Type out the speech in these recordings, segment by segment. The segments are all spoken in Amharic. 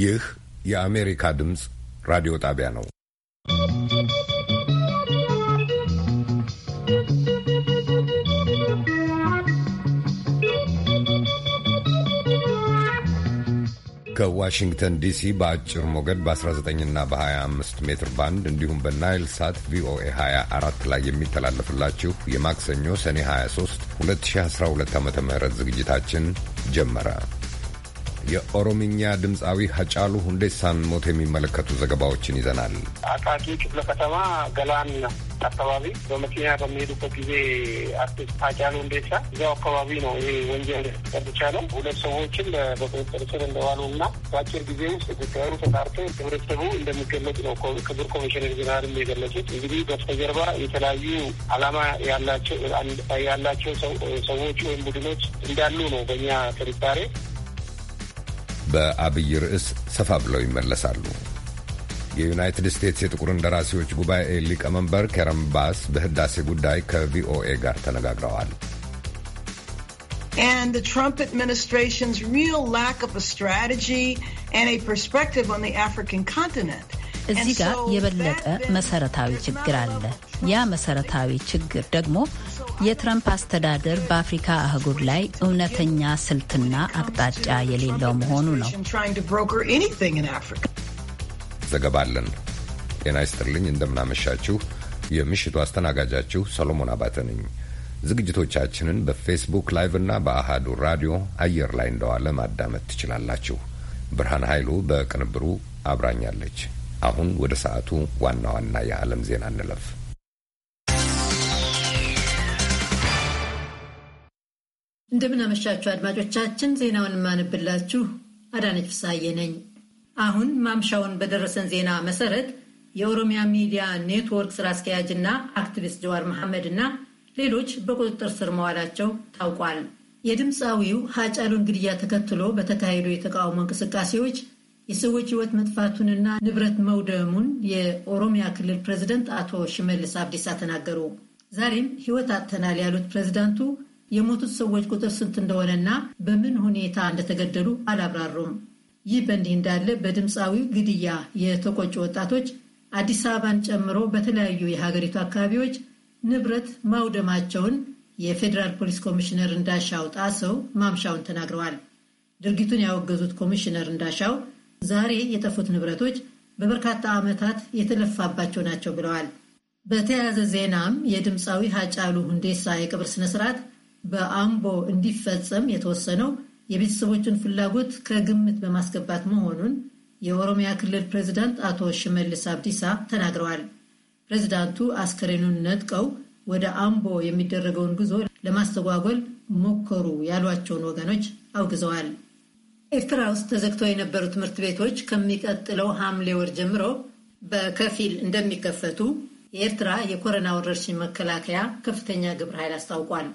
ይህ የአሜሪካ ድምፅ ራዲዮ ጣቢያ ነው። ከዋሽንግተን ዲሲ በአጭር ሞገድ በ19 እና በ25 ሜትር ባንድ እንዲሁም በናይል ሳት ቪኦኤ 24 ላይ የሚተላለፍላችሁ የማክሰኞ ሰኔ 23 2012 ዓ ም ዝግጅታችን ጀመረ። የኦሮምኛ ድምፃዊ ሀጫሉ ሁንዴሳን ሞት የሚመለከቱ ዘገባዎችን ይዘናል። አቃቂ ክፍለ ከተማ ገላን አካባቢ በመኪና በሚሄዱበት ጊዜ አርቲስት ሀጫሉ ሁንዴሳ እዚያው አካባቢ ነው ይሄ ወንጀል ያልቻለው ሁለት ሰዎችን በቁጥጥር ስር እንደዋሉ እና በአጭር ጊዜ ውስጥ ጉዳዩ ተጣርቶ ህብረተሰቡ እንደሚገለጽ ነው ክቡር ኮሚሽነር ጀነራልም የገለጹት። እንግዲህ በስተጀርባ የተለያዩ አላማ ያላቸው ሰዎች ወይም ቡድኖች እንዳሉ ነው በእኛ ትርታሬ በአብይ ርዕስ ሰፋ ብለው ይመለሳሉ። የዩናይትድ ስቴትስ የጥቁር እንደራሴዎች ጉባኤ ሊቀመንበር ከረን ባስ በህዳሴ ጉዳይ ከቪኦኤ ጋር ተነጋግረዋል። And the Trump administration's real lack of a strategy and a perspective on the African continent. እዚህ ጋር የበለጠ መሰረታዊ ችግር አለ። ያ መሰረታዊ ችግር ደግሞ የትረምፕ አስተዳደር በአፍሪካ አህጉር ላይ እውነተኛ ስልትና አቅጣጫ የሌለው መሆኑ ነው። ዘገባለን። ጤና ይስጥልኝ፣ እንደምናመሻችሁ። የምሽቱ አስተናጋጃችሁ ሰሎሞን አባተ ነኝ። ዝግጅቶቻችንን በፌስቡክ ላይቭ እና በአሃዱ ራዲዮ አየር ላይ እንደዋለ ማዳመጥ ትችላላችሁ። ብርሃን ኃይሉ በቅንብሩ አብራኛለች። አሁን ወደ ሰዓቱ ዋና ዋና የዓለም ዜና እንለፍ። እንደምናመሻችሁ አድማጮቻችን። ዜናውን ማንብላችሁ አዳነች ፍሳዬ ነኝ። አሁን ማምሻውን በደረሰን ዜና መሰረት የኦሮሚያ ሚዲያ ኔትወርክ ስራ አስኪያጅና አክቲቪስት ጀዋር መሐመድ እና ሌሎች በቁጥጥር ስር መዋላቸው ታውቋል። የድምፃዊው ሀጫሉን ግድያ ተከትሎ በተካሄዱ የተቃውሞ እንቅስቃሴዎች የሰዎች ሕይወት መጥፋቱንና ንብረት መውደሙን የኦሮሚያ ክልል ፕሬዚደንት አቶ ሽመልስ አብዲሳ ተናገሩ። ዛሬም ሕይወት አጥተናል ያሉት ፕሬዚዳንቱ የሞቱት ሰዎች ቁጥር ስንት እንደሆነና በምን ሁኔታ እንደተገደሉ አላብራሩም። ይህ በእንዲህ እንዳለ በድምፃዊው ግድያ የተቆጩ ወጣቶች አዲስ አበባን ጨምሮ በተለያዩ የሀገሪቱ አካባቢዎች ንብረት ማውደማቸውን የፌዴራል ፖሊስ ኮሚሽነር እንዳሻው ጣሰው ማምሻውን ተናግረዋል። ድርጊቱን ያወገዙት ኮሚሽነር እንዳሻው ዛሬ የጠፉት ንብረቶች በበርካታ ዓመታት የተለፋባቸው ናቸው ብለዋል። በተያያዘ ዜናም የድምፃዊ ሀጫሉ ሁንዴሳ የቅብር ስነስርዓት በአምቦ እንዲፈጸም የተወሰነው የቤተሰቦቹን ፍላጎት ከግምት በማስገባት መሆኑን የኦሮሚያ ክልል ፕሬዚዳንት አቶ ሽመልስ አብዲሳ ተናግረዋል። ፕሬዚዳንቱ አስከሬኑን ነጥቀው ወደ አምቦ የሚደረገውን ጉዞ ለማስተጓጎል ሞከሩ ያሏቸውን ወገኖች አውግዘዋል። ኤርትራ ውስጥ ተዘግተው የነበሩ ትምህርት ቤቶች ከሚቀጥለው ሐምሌ ወር ጀምሮ በከፊል እንደሚከፈቱ የኤርትራ የኮሮና ወረርሽኝ መከላከያ ከፍተኛ ግብረ ኃይል አስታውቋል።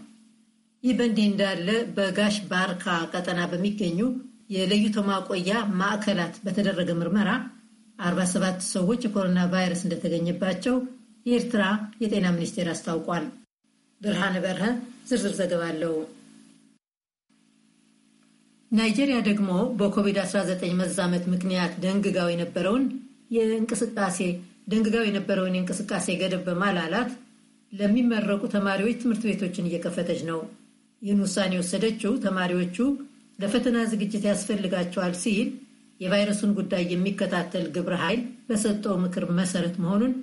ይህ በእንዲህ እንዳለ በጋሽ ባርካ ቀጠና በሚገኙ የለይቶ ማቆያ ማዕከላት በተደረገ ምርመራ 47 ሰዎች የኮሮና ቫይረስ እንደተገኘባቸው የኤርትራ የጤና ሚኒስቴር አስታውቋል። ብርሃነ በርሀ ዝርዝር ዘገባ አለው። ናይጄሪያ ደግሞ በኮቪድ-19 መዛመት ምክንያት ደንግጋው የነበረውን የእንቅስቃሴ ደንግጋው የነበረውን የእንቅስቃሴ ገደብ በማላላት ለሚመረቁ ተማሪዎች ትምህርት ቤቶችን እየከፈተች ነው። ይህን ውሳኔ የወሰደችው ተማሪዎቹ ለፈተና ዝግጅት ያስፈልጋቸዋል ሲል የቫይረሱን ጉዳይ የሚከታተል ግብረ ኃይል በሰጠው ምክር መሰረት መሆኑን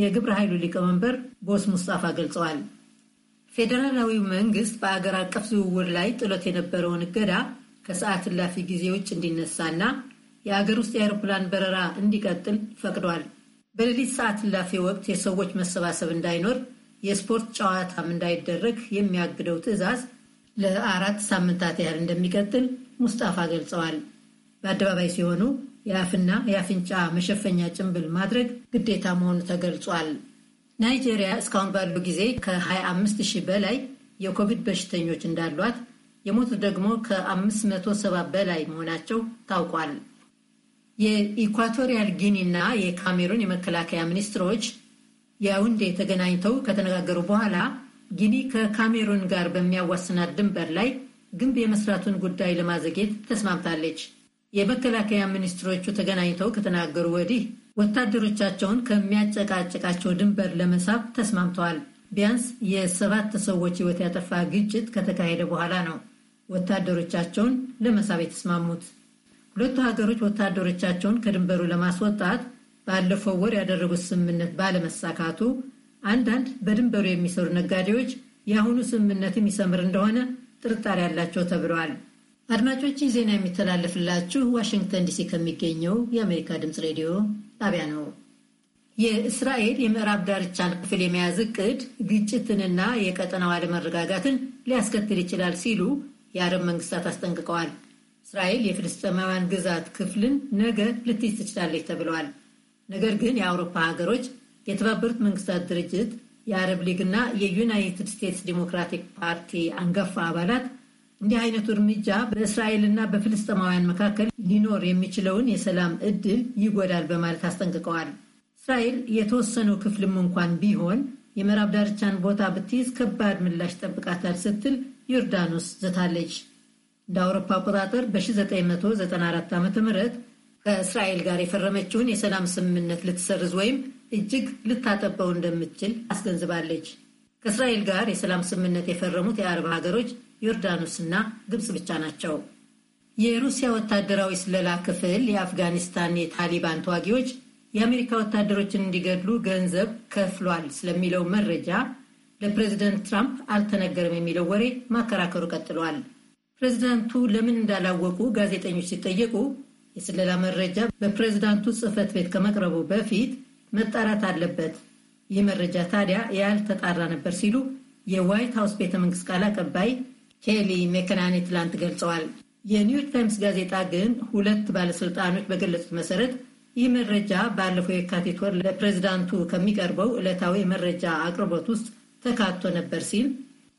የግብረ ኃይሉ ሊቀመንበር ቦስ ሙስጣፋ ገልጸዋል። ፌዴራላዊው መንግስት በአገር አቀፍ ዝውውር ላይ ጥሎት የነበረውን እገዳ ከሰዓት እላፊ ጊዜ ውጭ እንዲነሳና የአገር ውስጥ የአውሮፕላን በረራ እንዲቀጥል ፈቅዷል። በሌሊት ሰዓት እላፊ ወቅት የሰዎች መሰባሰብ እንዳይኖር፣ የስፖርት ጨዋታም እንዳይደረግ የሚያግደው ትዕዛዝ ለአራት ሳምንታት ያህል እንደሚቀጥል ሙስጣፋ ገልጸዋል። በአደባባይ ሲሆኑ የአፍና የአፍንጫ መሸፈኛ ጭንብል ማድረግ ግዴታ መሆኑ ተገልጿል። ናይጄሪያ እስካሁን ባለው ጊዜ ከ25 ሺህ በላይ የኮቪድ በሽተኞች እንዳሏት የሞቱ ደግሞ ከ570 በላይ መሆናቸው ታውቋል። የኢኳቶሪያል ጊኒ እና የካሜሩን የመከላከያ ሚኒስትሮች ያውንዴ ተገናኝተው ከተነጋገሩ በኋላ ጊኒ ከካሜሩን ጋር በሚያዋስናት ድንበር ላይ ግንብ የመስራቱን ጉዳይ ለማዘግየት ተስማምታለች። የመከላከያ ሚኒስትሮቹ ተገናኝተው ከተናገሩ ወዲህ ወታደሮቻቸውን ከሚያጨቃጭቃቸው ድንበር ለመሳብ ተስማምተዋል። ቢያንስ የሰባት ሰዎች ሕይወት ያጠፋ ግጭት ከተካሄደ በኋላ ነው ወታደሮቻቸውን ለመሳብ የተስማሙት። ሁለቱ ሀገሮች ወታደሮቻቸውን ከድንበሩ ለማስወጣት ባለፈው ወር ያደረጉት ስምምነት ባለመሳካቱ አንዳንድ በድንበሩ የሚሰሩ ነጋዴዎች የአሁኑ ስምምነት የሚሰምር እንደሆነ ጥርጣሬ ያላቸው ተብለዋል። አድማጮች ዜና የሚተላለፍላችሁ ዋሽንግተን ዲሲ ከሚገኘው የአሜሪካ ድምፅ ሬዲዮ ጣቢያ ነው። የእስራኤል የምዕራብ ዳርቻን ክፍል የመያዝ እቅድ ግጭትንና የቀጠናው አለመረጋጋትን ሊያስከትል ይችላል ሲሉ የአረብ መንግስታት አስጠንቅቀዋል። እስራኤል የፍልስጤማውያን ግዛት ክፍልን ነገ ልትይዝ ትችላለች ተብለዋል። ነገር ግን የአውሮፓ ሀገሮች የተባበሩት መንግስታት ድርጅት የአረብ ሊግና የዩናይትድ ስቴትስ ዲሞክራቲክ ፓርቲ አንጋፋ አባላት እንዲህ አይነቱ እርምጃ በእስራኤልና በፍልስጥማውያን መካከል ሊኖር የሚችለውን የሰላም እድል ይጎዳል በማለት አስጠንቅቀዋል። እስራኤል የተወሰነው ክፍልም እንኳን ቢሆን የምዕራብ ዳርቻን ቦታ ብትይዝ ከባድ ምላሽ ጠብቃታል ስትል ዮርዳኖስ ዝታለች። እንደ አውሮፓ አቆጣጠር በ1994 ዓ ም ከእስራኤል ጋር የፈረመችውን የሰላም ስምምነት ልትሰርዝ ወይም እጅግ ልታጠበው እንደምትችል አስገንዝባለች። ከእስራኤል ጋር የሰላም ስምምነት የፈረሙት የአረብ ሀገሮች ዮርዳኖስና ግብፅ ብቻ ናቸው። የሩሲያ ወታደራዊ ስለላ ክፍል የአፍጋኒስታን የታሊባን ተዋጊዎች የአሜሪካ ወታደሮችን እንዲገድሉ ገንዘብ ከፍሏል ስለሚለው መረጃ ለፕሬዚደንት ትራምፕ አልተነገረም የሚለው ወሬ ማከራከሩ ቀጥሏል። ፕሬዚዳንቱ ለምን እንዳላወቁ ጋዜጠኞች ሲጠየቁ የስለላ መረጃ በፕሬዚዳንቱ ጽህፈት ቤት ከመቅረቡ በፊት መጣራት አለበት። ይህ መረጃ ታዲያ ያልተጣራ ነበር ሲሉ የዋይት ሀውስ ቤተ መንግስት ቃል አቀባይ ኬሊ መከናኔ ትላንት ገልጸዋል። የኒውዮርክ ታይምስ ጋዜጣ ግን ሁለት ባለስልጣኖች በገለጹት መሰረት ይህ መረጃ ባለፈው የካቲት ወር ለፕሬዚዳንቱ ከሚቀርበው ዕለታዊ መረጃ አቅርቦት ውስጥ ተካቶ ነበር ሲል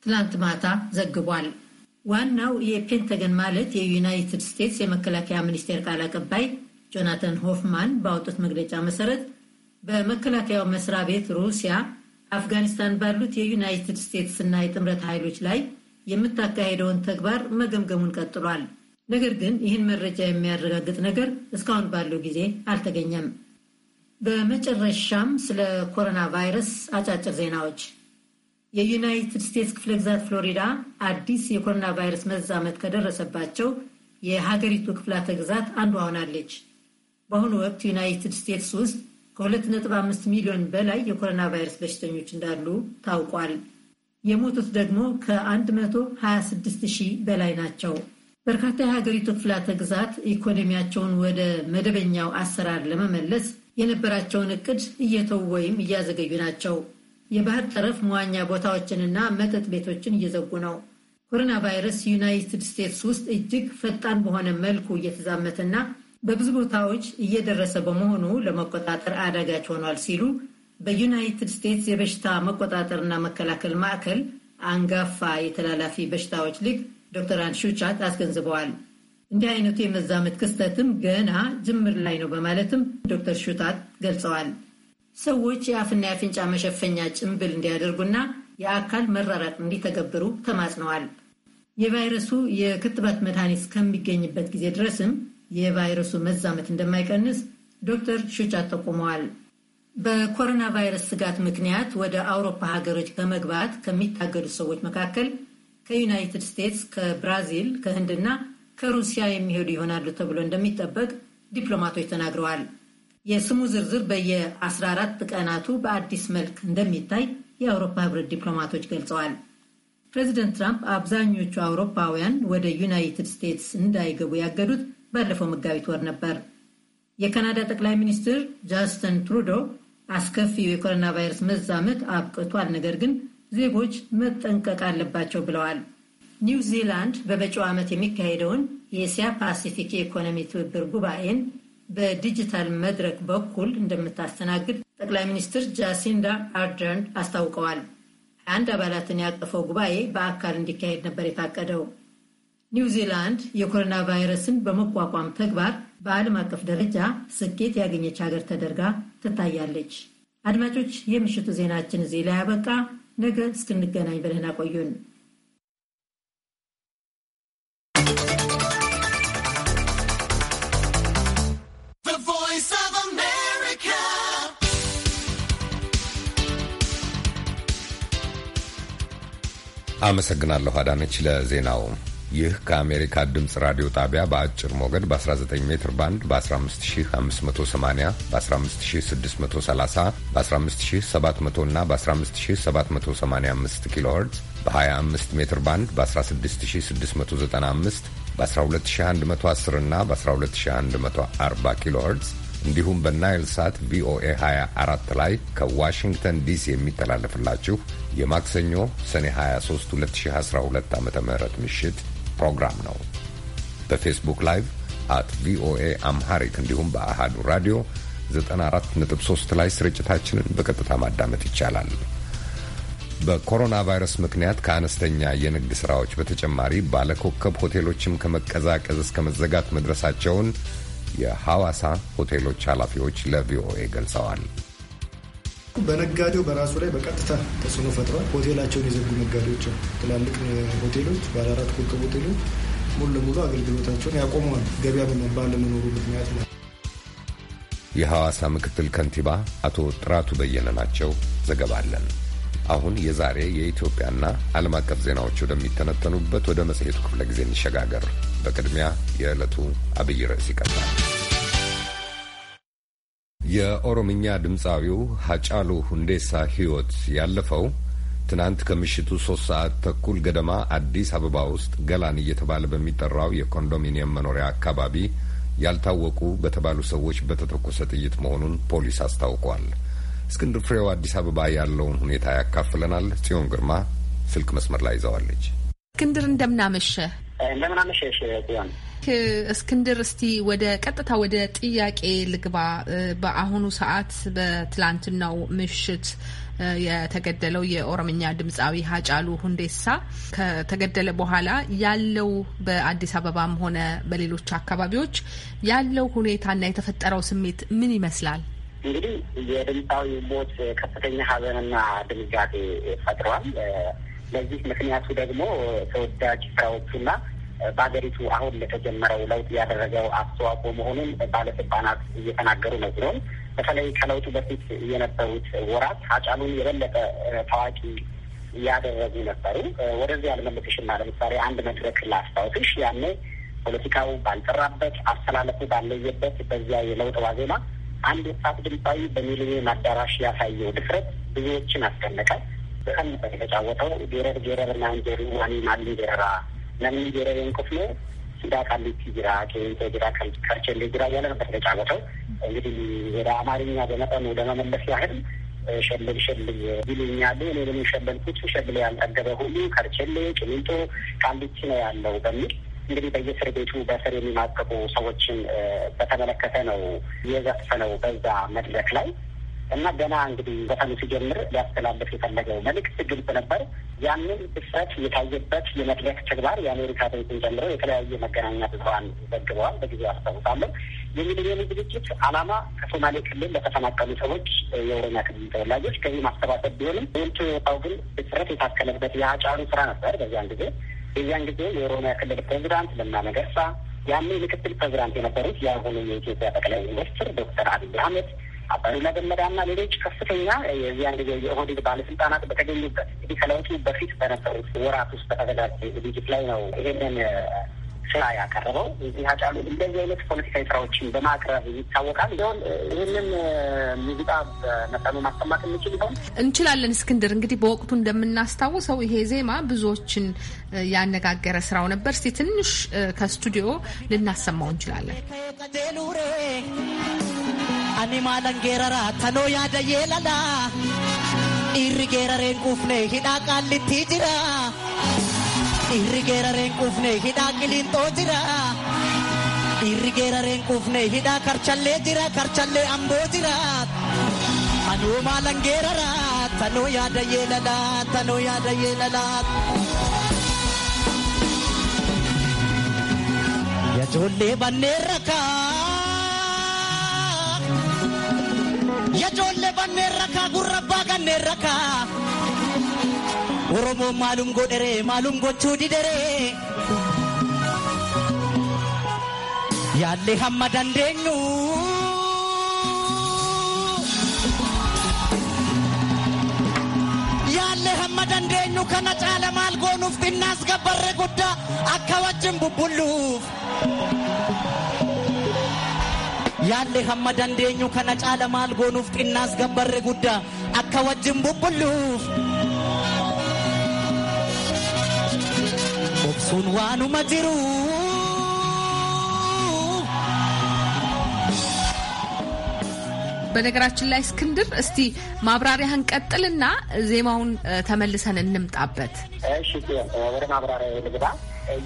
ትላንት ማታ ዘግቧል። ዋናው የፔንተገን ማለት የዩናይትድ ስቴትስ የመከላከያ ሚኒስቴር ቃል አቀባይ ጆናታን ሆፍማን ባወጡት መግለጫ መሰረት በመከላከያው መስሪያ ቤት ሩሲያ አፍጋኒስታን ባሉት የዩናይትድ ስቴትስ እና የጥምረት ኃይሎች ላይ የምታካሄደውን ተግባር መገምገሙን ቀጥሏል። ነገር ግን ይህን መረጃ የሚያረጋግጥ ነገር እስካሁን ባለው ጊዜ አልተገኘም። በመጨረሻም ስለ ኮሮና ቫይረስ አጫጭር ዜናዎች። የዩናይትድ ስቴትስ ክፍለ ግዛት ፍሎሪዳ አዲስ የኮሮና ቫይረስ መዛመት ከደረሰባቸው የሀገሪቱ ክፍላተ ግዛት አንዷ ሆናለች። በአሁኑ ወቅት ዩናይትድ ስቴትስ ውስጥ ከ2.5 ሚሊዮን በላይ የኮሮና ቫይረስ በሽተኞች እንዳሉ ታውቋል። የሞቱት ደግሞ ከ126 ሺህ በላይ ናቸው። በርካታ የሀገሪቱ ክፍላተ ግዛት ኢኮኖሚያቸውን ወደ መደበኛው አሰራር ለመመለስ የነበራቸውን እቅድ እየተው ወይም እያዘገዩ ናቸው። የባህር ጠረፍ መዋኛ ቦታዎችንና መጠጥ ቤቶችን እየዘጉ ነው። ኮሮና ቫይረስ ዩናይትድ ስቴትስ ውስጥ እጅግ ፈጣን በሆነ መልኩ እየተዛመተና በብዙ ቦታዎች እየደረሰ በመሆኑ ለመቆጣጠር አዳጋች ሆኗል ሲሉ በዩናይትድ ስቴትስ የበሽታ መቆጣጠርና መከላከል ማዕከል አንጋፋ የተላላፊ በሽታዎች ሊግ ዶክተር አንሹቻት አስገንዝበዋል። እንዲህ አይነቱ የመዛመት ክስተትም ገና ጅምር ላይ ነው በማለትም ዶክተር ሹታት ገልጸዋል። ሰዎች የአፍና የአፍንጫ መሸፈኛ ጭንብል እንዲያደርጉና የአካል መራራቅ እንዲተገብሩ ተማጽነዋል። የቫይረሱ የክትባት መድኃኒት እስከሚገኝበት ጊዜ ድረስም የቫይረሱ መዛመት እንደማይቀንስ ዶክተር ሹጫ ጠቁመዋል። በኮሮና ቫይረስ ስጋት ምክንያት ወደ አውሮፓ ሀገሮች በመግባት ከሚታገዱ ሰዎች መካከል ከዩናይትድ ስቴትስ፣ ከብራዚል፣ ከህንድና ከሩሲያ የሚሄዱ ይሆናሉ ተብሎ እንደሚጠበቅ ዲፕሎማቶች ተናግረዋል። የስሙ ዝርዝር በየ14 ቀናቱ በአዲስ መልክ እንደሚታይ የአውሮፓ ህብረት ዲፕሎማቶች ገልጸዋል። ፕሬዚደንት ትራምፕ አብዛኞቹ አውሮፓውያን ወደ ዩናይትድ ስቴትስ እንዳይገቡ ያገዱት ባለፈው መጋቢት ወር ነበር። የካናዳ ጠቅላይ ሚኒስትር ጃስተን ትሩዶ አስከፊው የኮሮና ቫይረስ መዛመት አብቅቷል፣ ነገር ግን ዜጎች መጠንቀቅ አለባቸው ብለዋል። ኒው ዚላንድ በመጪው ዓመት የሚካሄደውን የእስያ ፓሲፊክ የኢኮኖሚ ትብብር ጉባኤን በዲጂታል መድረክ በኩል እንደምታስተናግድ ጠቅላይ ሚኒስትር ጃሲንዳ አርደርን አስታውቀዋል። አንድ አባላትን ያቀፈው ጉባኤ በአካል እንዲካሄድ ነበር የታቀደው። ኒው ዚላንድ የኮሮና ቫይረስን በመቋቋም ተግባር በዓለም አቀፍ ደረጃ ስኬት ያገኘች ሀገር ተደርጋ ትታያለች። አድማጮች፣ የምሽቱ ዜናችን እዚህ ላይ ያበቃ። ነገ እስክንገናኝ በደህና ቆዩን። አመሰግናለሁ አዳነች ለዜናው። ይህ ከአሜሪካ ድምፅ ራዲዮ ጣቢያ በአጭር ሞገድ በ19 ሜትር ባንድ በ15580 በ15630 በ15700 እና በ15785 ኪሎ ሄርዝ በ25 ሜትር ባንድ በ16695 በ12110 እና በ12140 ኪሎ ሄርዝ እንዲሁም በናይል ሳት ቪኦኤ 24 ላይ ከዋሽንግተን ዲሲ የሚተላለፍላችሁ የማክሰኞ ሰኔ 23 2012 ዓ ም ምሽት ፕሮግራም ነው። በፌስቡክ ላይቭ አት ቪኦኤ አምሃሪክ እንዲሁም በአሃዱ ራዲዮ 94.3 ላይ ስርጭታችንን በቀጥታ ማዳመጥ ይቻላል። በኮሮና ቫይረስ ምክንያት ከአነስተኛ የንግድ ሥራዎች በተጨማሪ ባለኮከብ ሆቴሎችም ከመቀዛቀዝ እስከ መዘጋት መድረሳቸውን የሐዋሳ ሆቴሎች ኃላፊዎች ለቪኦኤ ገልጸዋል። በነጋዴው በራሱ ላይ በቀጥታ ተጽዕኖ ፈጥሯል። ሆቴላቸውን የዘጉ ነጋዴዎች ትላልቅ ሆቴሎች፣ ባለአራት ኮከብ ሆቴሎች ሙሉ ለሙሉ አገልግሎታቸውን ያቆመዋል። ገበያ ባለመኖሩ ምክንያት ነው። የሐዋሳ ምክትል ከንቲባ አቶ ጥራቱ በየነ ናቸው። ዘገባ አለን። አሁን የዛሬ የኢትዮጵያና ዓለም አቀፍ ዜናዎች ወደሚተነተኑበት ወደ መጽሔቱ ክፍለ ጊዜ እንሸጋገር። በቅድሚያ የዕለቱ አብይ ርዕስ ይቀርባል። የኦሮምኛ ድምፃዊው ሀጫሉ ሁንዴሳ ሕይወት ያለፈው ትናንት ከምሽቱ ሶስት ሰዓት ተኩል ገደማ አዲስ አበባ ውስጥ ገላን እየተባለ በሚጠራው የኮንዶሚኒየም መኖሪያ አካባቢ ያልታወቁ በተባሉ ሰዎች በተተኮሰ ጥይት መሆኑን ፖሊስ አስታውቋል። እስክንድር ፍሬው አዲስ አበባ ያለውን ሁኔታ ያካፍለናል። ጽዮን ግርማ ስልክ መስመር ላይ ይዘዋለች። እስክንድር እንደምናመሸ ለምን አመሸሽ እስክንድር፣ እስቲ ወደ ቀጥታ ወደ ጥያቄ ልግባ። በአሁኑ ሰዓት በትላንትናው ምሽት የተገደለው የኦሮምኛ ድምፃዊ ሀጫሉ ሁንዴሳ ከተገደለ በኋላ ያለው በአዲስ አበባም ሆነ በሌሎች አካባቢዎች ያለው ሁኔታና የተፈጠረው ስሜት ምን ይመስላል? እንግዲህ የድምፃዊ ሞት ከፍተኛ ሀዘንና ድንጋጤ ፈጥሯል። ለዚህ ምክንያቱ ደግሞ ተወዳጅ ስራዎቹና በሀገሪቱ አሁን ለተጀመረው ለውጥ ያደረገው አስተዋጽኦ መሆኑን ባለስልጣናት እየተናገሩ ነው። ብሎም በተለይ ከለውጡ በፊት የነበሩት ወራት አጫሉን የበለጠ ታዋቂ ያደረጉ ነበሩ። ወደዚህ ያልመለስሽና ለምሳሌ አንድ መድረክ ላስታውስሽ። ያኔ ፖለቲካው ባልጠራበት፣ አስተላለፉ ባለየበት በዚያ የለውጥ ዋዜማ አንድ ወጣት ድምፃዊ በሚሊኒየም አዳራሽ ያሳየው ድፍረት ብዙዎችን አስደነቀ። በጣም ነበር የተጫወተው። ጌረር ጌረር ና እንጀሪ ዋኒ ማሊ ጌረራ ለምን ጌረሬን ክፍሎ ሲዳ ቃሊቲ ጅራ ቄንቶ ጅራ ከርቸል ጅራ እያለ ነበር የተጫወተው። እንግዲህ ወደ አማርኛ በመጠኑ ለመመለስ ያህል ሸልል ሸልል ይሉኛሉ። እኔ ደግሞ ሸለልኩት ሸልል ያልጠገበ ሁሉ ከርቸል፣ ቄንቶ ቃሊቲ ነው ያለው በሚል እንግዲህ በየእስር ቤቱ በእስር የሚማቀቁ ሰዎችን በተመለከተ ነው የዘፈነው በዛ መድረክ ላይ እና ገና እንግዲህ ዘፈኑ ሲጀምር ሊያስተላለፍ የፈለገው መልእክት ግልጽ ነበር። ያንን ክስተት የታየበት የመድረክ ተግባር የአሜሪካ ቤትን ጀምሮ የተለያዩ መገናኛ ብዙሀን ዘግበዋል። በጊዜው አስታውሳለሁ። የሚሊኒየም ዝግጅት ዓላማ ከሶማሌ ክልል ለተፈናቀሉ ሰዎች የኦሮሚያ ክልል ተወላጆች ገቢ ማሰባሰብ ቢሆንም ወንቱ የወጣው ግን ብስረት የታከለበት የአጫሩ ስራ ነበር። በዚያን ጊዜ በዚያን ጊዜ የኦሮሚያ ክልል ፕሬዚዳንት ለማ መገርሳ፣ ያኔ ምክትል ፕሬዚዳንት የነበሩት የአሁኑ የኢትዮጵያ ጠቅላይ ሚኒስትር ዶክተር አብይ አህመድ አባሪ መገመዳና ሌሎች ከፍተኛ የዚያን ጊዜ የኦህዴድ ባለስልጣናት በተገኙበት እንግዲህ ከለውጡ በፊት በነበሩት ወራት ውስጥ በተዘጋጀ ዝግጅት ላይ ነው ይሄንን ስራ ያቀረበው። እዚህ አጫሉ እንደዚህ አይነት ፖለቲካዊ ስራዎችን በማቅረብ ይታወቃል። ሲሆን ይህንን ሙዚቃ በመጠኑ ማሰማት እንችል ይሆን? እንችላለን። እስክንድር፣ እንግዲህ በወቅቱ እንደምናስታውሰው ይሄ ዜማ ብዙዎችን ያነጋገረ ስራው ነበር። እስቲ ትንሽ ከስቱዲዮ ልናሰማው እንችላለን። ani maalan geeraraa tanoo yaada yeelala dhiirri geerareen quufne hidhaa qaallittii jira dhiirri geerareen quufne hidhaa qiliinxoo jira dhiirri geerareen quufne hidhaa karchallee jira karchallee amboo jira anoo maalan geeraraa tanoo yaada yeelala tanoo yaada yeelala. Yajoollee banneen rakkaa gurra baa kanneen rakkaa. Oromoon maalum godheree maalum gochuu dideree. Yaallee hamma dandeenyu. Yaalle hamma dandeenyu kana caala maal goonuuf xinnaas gabbarree guddaa akka wajjin bubbulluuf. ያለ ሀማ ደንዴኙ ከነጫ ለማል ጎኑፍ ጢናስ ገበር ጉዳ አካወጅም ቡቡሉፍ ኦብሱን ዋኑ መጅሩ በነገራችን ላይ እስክንድር፣ እስቲ ማብራሪያን ቀጥልና ዜማውን ተመልሰን እንምጣበት። እሺ ወደ ማብራሪያ ልግባ።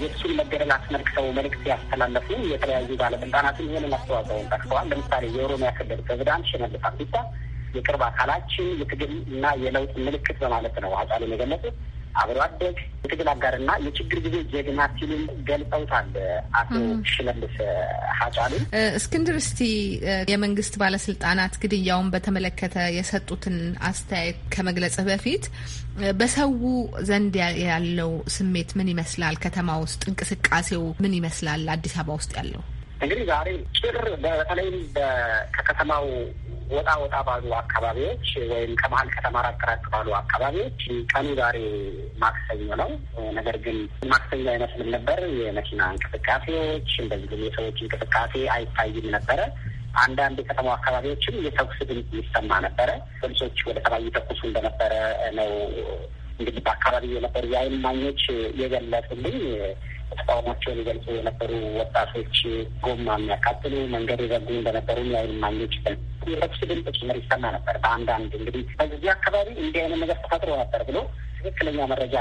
የእሱን መገደል አስመልክተው መልእክት ያስተላለፉ የተለያዩ ባለስልጣናትን ይህንን አስተዋጽኦውን ጠቅሰዋል። ለምሳሌ የኦሮሚያ ክልል ፕሬዚዳንት ሽመልስ አብዲሳ የቅርብ አካላችን የትግል እና የለውጥ ምልክት በማለት ነው አጫሉን የገለጹት። አብሮ አደግ፣ የትግል አጋርና የችግር ጊዜ ጀግና ሲሉም ገልጸውታል አቶ ሽመልስ ሀጫሉ። እስክንድር፣ እስቲ የመንግስት ባለስልጣናት ግድያውን በተመለከተ የሰጡትን አስተያየት ከመግለጽህ በፊት በሰው ዘንድ ያለው ስሜት ምን ይመስላል? ከተማ ውስጥ እንቅስቃሴው ምን ይመስላል? አዲስ አበባ ውስጥ ያለው እንግዲህ ዛሬ ጭር በተለይም ከከተማው ወጣ ወጣ ባሉ አካባቢዎች ወይም ከመሀል ከተማ ራቅ ራቅ ባሉ አካባቢዎች ቀኑ ዛሬ ማክሰኞ ነው። ነገር ግን ማክሰኞ አይመስልም ነበር። የመኪና እንቅስቃሴዎች እንደዚሁም የሰዎች እንቅስቃሴ አይታይም ነበረ። አንዳንድ የከተማው አካባቢዎችም የተኩስ ድምፅ ይሰማ ነበረ። ፖሊሶች ወደ ሰባ እየተኩሱ እንደነበረ ነው እንግዲህ በአካባቢ የነበሩ የአይን ማኞች የገለጹልኝ። ተቃውሟቸውን ይገልጹ የነበሩ ወጣቶች ጎማ የሚያቃጥሉ መንገድ የዘጉ እንደነበሩ የዓይን እማኞች የተኩስ ድምጽ ጭምር ይሰማ ነበር። በአንዳንድ እንግዲህ በዚህ አካባቢ እንዲህ አይነት ነገር ተፈጥሮ ነበር ብሎ ትክክለኛ መረጃ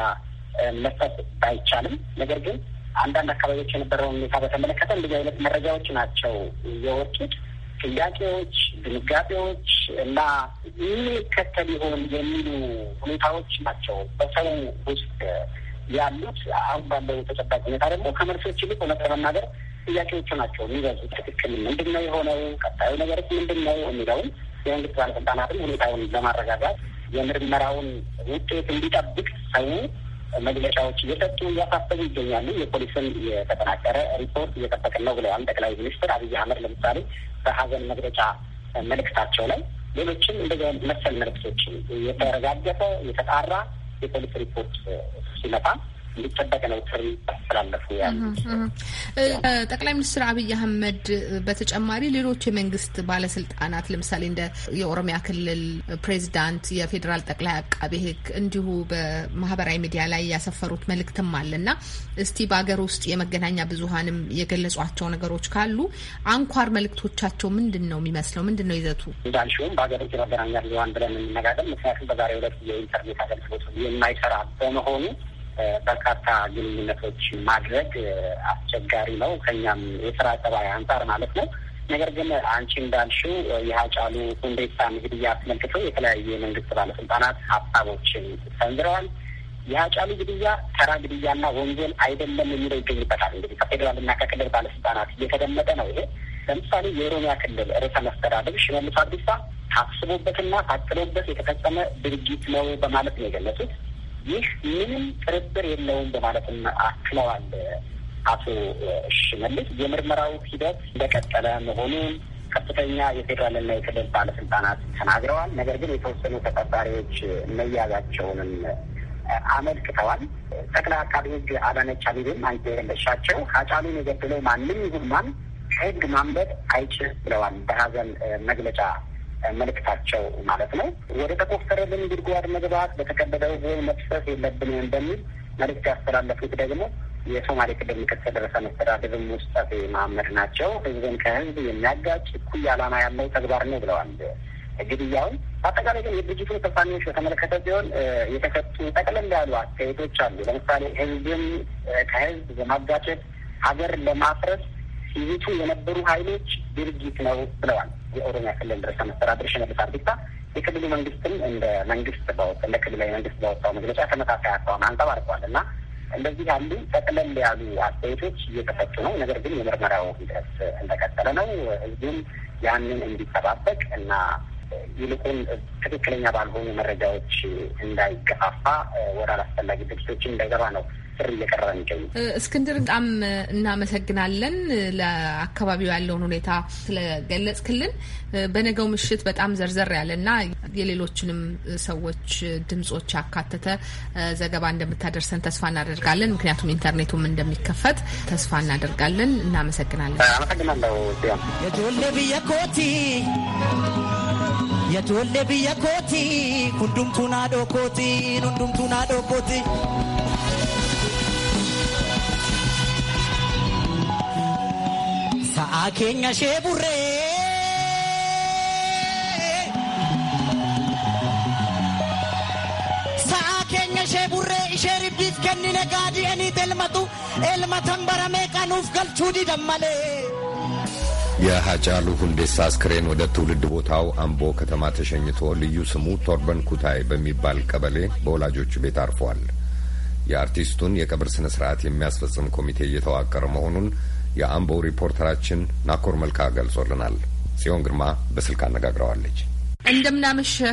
መስጠት ባይቻልም ነገር ግን አንዳንድ አካባቢዎች የነበረውን ሁኔታ በተመለከተ እንዲህ አይነት መረጃዎች ናቸው የወጡት። ጥያቄዎች፣ ድንጋጤዎች እና የሚከተል ይሆን የሚሉ ሁኔታዎች ናቸው በሰው ውስጥ ያሉት አሁን ባለው የተጨባጭ ሁኔታ ደግሞ ከመልሶች ይልቅ እውነት ለመናገር ጥያቄዎቹ ናቸው የሚበዙ። ትክክል ምንድን ነው የሆነው? ቀጣዩ ነገር ምንድን ነው የሚለውን የመንግስት ባለስልጣናትም ሁኔታውን ለማረጋጋት የምርመራውን ውጤት እንዲጠብቅ ሰው መግለጫዎች እየሰጡ እያሳሰቡ ይገኛሉ። የፖሊስን የተጠናቀረ ሪፖርት እየጠበቅን ነው ብለዋል ጠቅላይ ሚኒስትር አብይ አህመድ ለምሳሌ በሀዘን መግለጫ መልእክታቸው ላይ። ሌሎችም እንደዚህ አይነት መሰል መልእክቶች የተረጋገጠ የተጣራ የፖሊስ ሪፖርት ሲመጣ ሊጠበቅ ነው ጥሪ አስተላለፉ ያሉ ጠቅላይ ሚኒስትር አብይ አህመድ በተጨማሪ ሌሎች የመንግስት ባለስልጣናት ለምሳሌ እንደ የኦሮሚያ ክልል ፕሬዚዳንት፣ የፌዴራል ጠቅላይ አቃቤ ህግ እንዲሁ በማህበራዊ ሚዲያ ላይ ያሰፈሩት መልእክትም አለ እና እስቲ በሀገር ውስጥ የመገናኛ ብዙሀንም የገለጿቸው ነገሮች ካሉ አንኳር መልእክቶቻቸው ምንድን ነው የሚመስለው? ምንድን ነው ይዘቱ? እንዳልሽውም በሀገር ውስጥ የመገናኛ ብዙሀን ብለን የምንነጋገር ምክንያቱም በዛሬው ዕለት የኢንተርኔት አገልግሎት የማይሰራ በመሆኑ በርካታ ግንኙነቶች ማድረግ አስቸጋሪ ነው፣ ከኛም የስራ ጸባይ አንጻር ማለት ነው። ነገር ግን አንቺ እንዳልሽው የሀጫሉ ሁንዴሳን ግድያ አስመልክቶ የተለያዩ የመንግስት ባለስልጣናት ሀሳቦችን ሰንዝረዋል። የሀጫሉ ግድያ ተራ ግድያና ወንጀል አይደለም የሚለው ይገኝበታል። እንግዲህ ከፌዴራልና ከክልል ባለስልጣናት እየተደመጠ ነው ይሄ ለምሳሌ የኦሮሚያ ክልል ርዕሰ መስተዳድር ሽመልስ አብዲሳ ታስቦበትና ታቅዶበት የተፈጸመ ድርጊት ነው በማለት ነው የገለጹት። ይህ ምንም ጥርጥር የለውም በማለትም አክለዋል። አቶ ሽመልስ የምርመራው ሂደት እንደቀጠለ መሆኑን ከፍተኛ የፌዴራልና የክልል ባለስልጣናት ተናግረዋል። ነገር ግን የተወሰኑ ተጠርጣሪዎች መያዛቸውንም አመልክተዋል። ጠቅላይ አቃቢ ሕግ አዳነች አቤቤም አንተ የለሻቸው ሀጫሉን የገደለው ማንም ይሁን ማን ከሕግ ማምለጥ አይችልም ብለዋል በሀዘን መግለጫ መልእክታቸው ማለት ነው። ወደ ተቆፈረልን ጉድጓድ መግባት በተቀደደው ወይ መፍሰስ የለብንም በሚል መልእክት ያስተላለፉት ደግሞ የሶማሌ ክልል ምክትል ርዕሰ መስተዳድር ሙስጠፌ መሀመድ ናቸው። ህዝብን ከህዝብ የሚያጋጭ እኩይ ዓላማ ያለው ተግባር ነው ብለዋል። ግድያውን በአጠቃላይ ግን የድርጅቱን ተሳሚዎች በተመለከተ ሲሆን የተሰጡ ጠቅለል ያሉ አስተያየቶች አሉ። ለምሳሌ ህዝብን ከህዝብ በማጋጨት ሀገር ለማፍረስ ሲዝቱ የነበሩ ኃይሎች ድርጊት ነው ብለዋል። የኦሮሚያ ክልል ርዕሰ መስተዳድር ሽመልስ አብዲሳ የክልሉ መንግስትም እንደ መንግስት በወጥ እንደ ክልላዊ መንግስት በወጣው መግለጫ ተመሳሳይ አቋም አንጸባርቋል እና እንደዚህ ያሉ ጠቅለል ያሉ አስተያየቶች እየተሰጡ ነው። ነገር ግን የምርመራው ሂደት እንደቀጠለ ነው። ህዝቡም ያንን እንዲጠባበቅ እና ይልቁን ትክክለኛ ባልሆኑ መረጃዎች እንዳይገፋፋ ወደ አላስፈላጊ ድርጅቶች እንዳይገባ ነው ስር እየቀረ የሚገኙ። እስክንድር በጣም እናመሰግናለን ለአካባቢው ያለውን ሁኔታ ስለገለጽክልን። በነገው ምሽት በጣም ዘርዘር ያለና የሌሎችንም ሰዎች ድምጾች ያካተተ ዘገባ እንደምታደርሰን ተስፋ እናደርጋለን። ምክንያቱም ኢንተርኔቱም እንደሚከፈት ተስፋ እናደርጋለን። እናመሰግናለን። አመሰግናለሁ። የጆሌ ኮቲ ኮቲ sa'a keenya ishee የሀጫሉ ሁንዴሳ አስክሬን ወደ ትውልድ ቦታው አምቦ ከተማ ተሸኝቶ ልዩ ስሙ ቶርበን ኩታይ በሚባል ቀበሌ በወላጆቹ ቤት አርፏል። የአርቲስቱን የቀብር ስነ ስርዓት የሚያስፈጽም ኮሚቴ እየተዋቀረ መሆኑን የአምቦ ሪፖርተራችን ናኮር መልካ ገልጾልናል። ጽዮን ግርማ በስልክ አነጋግረዋለች። እንደምናመሸህ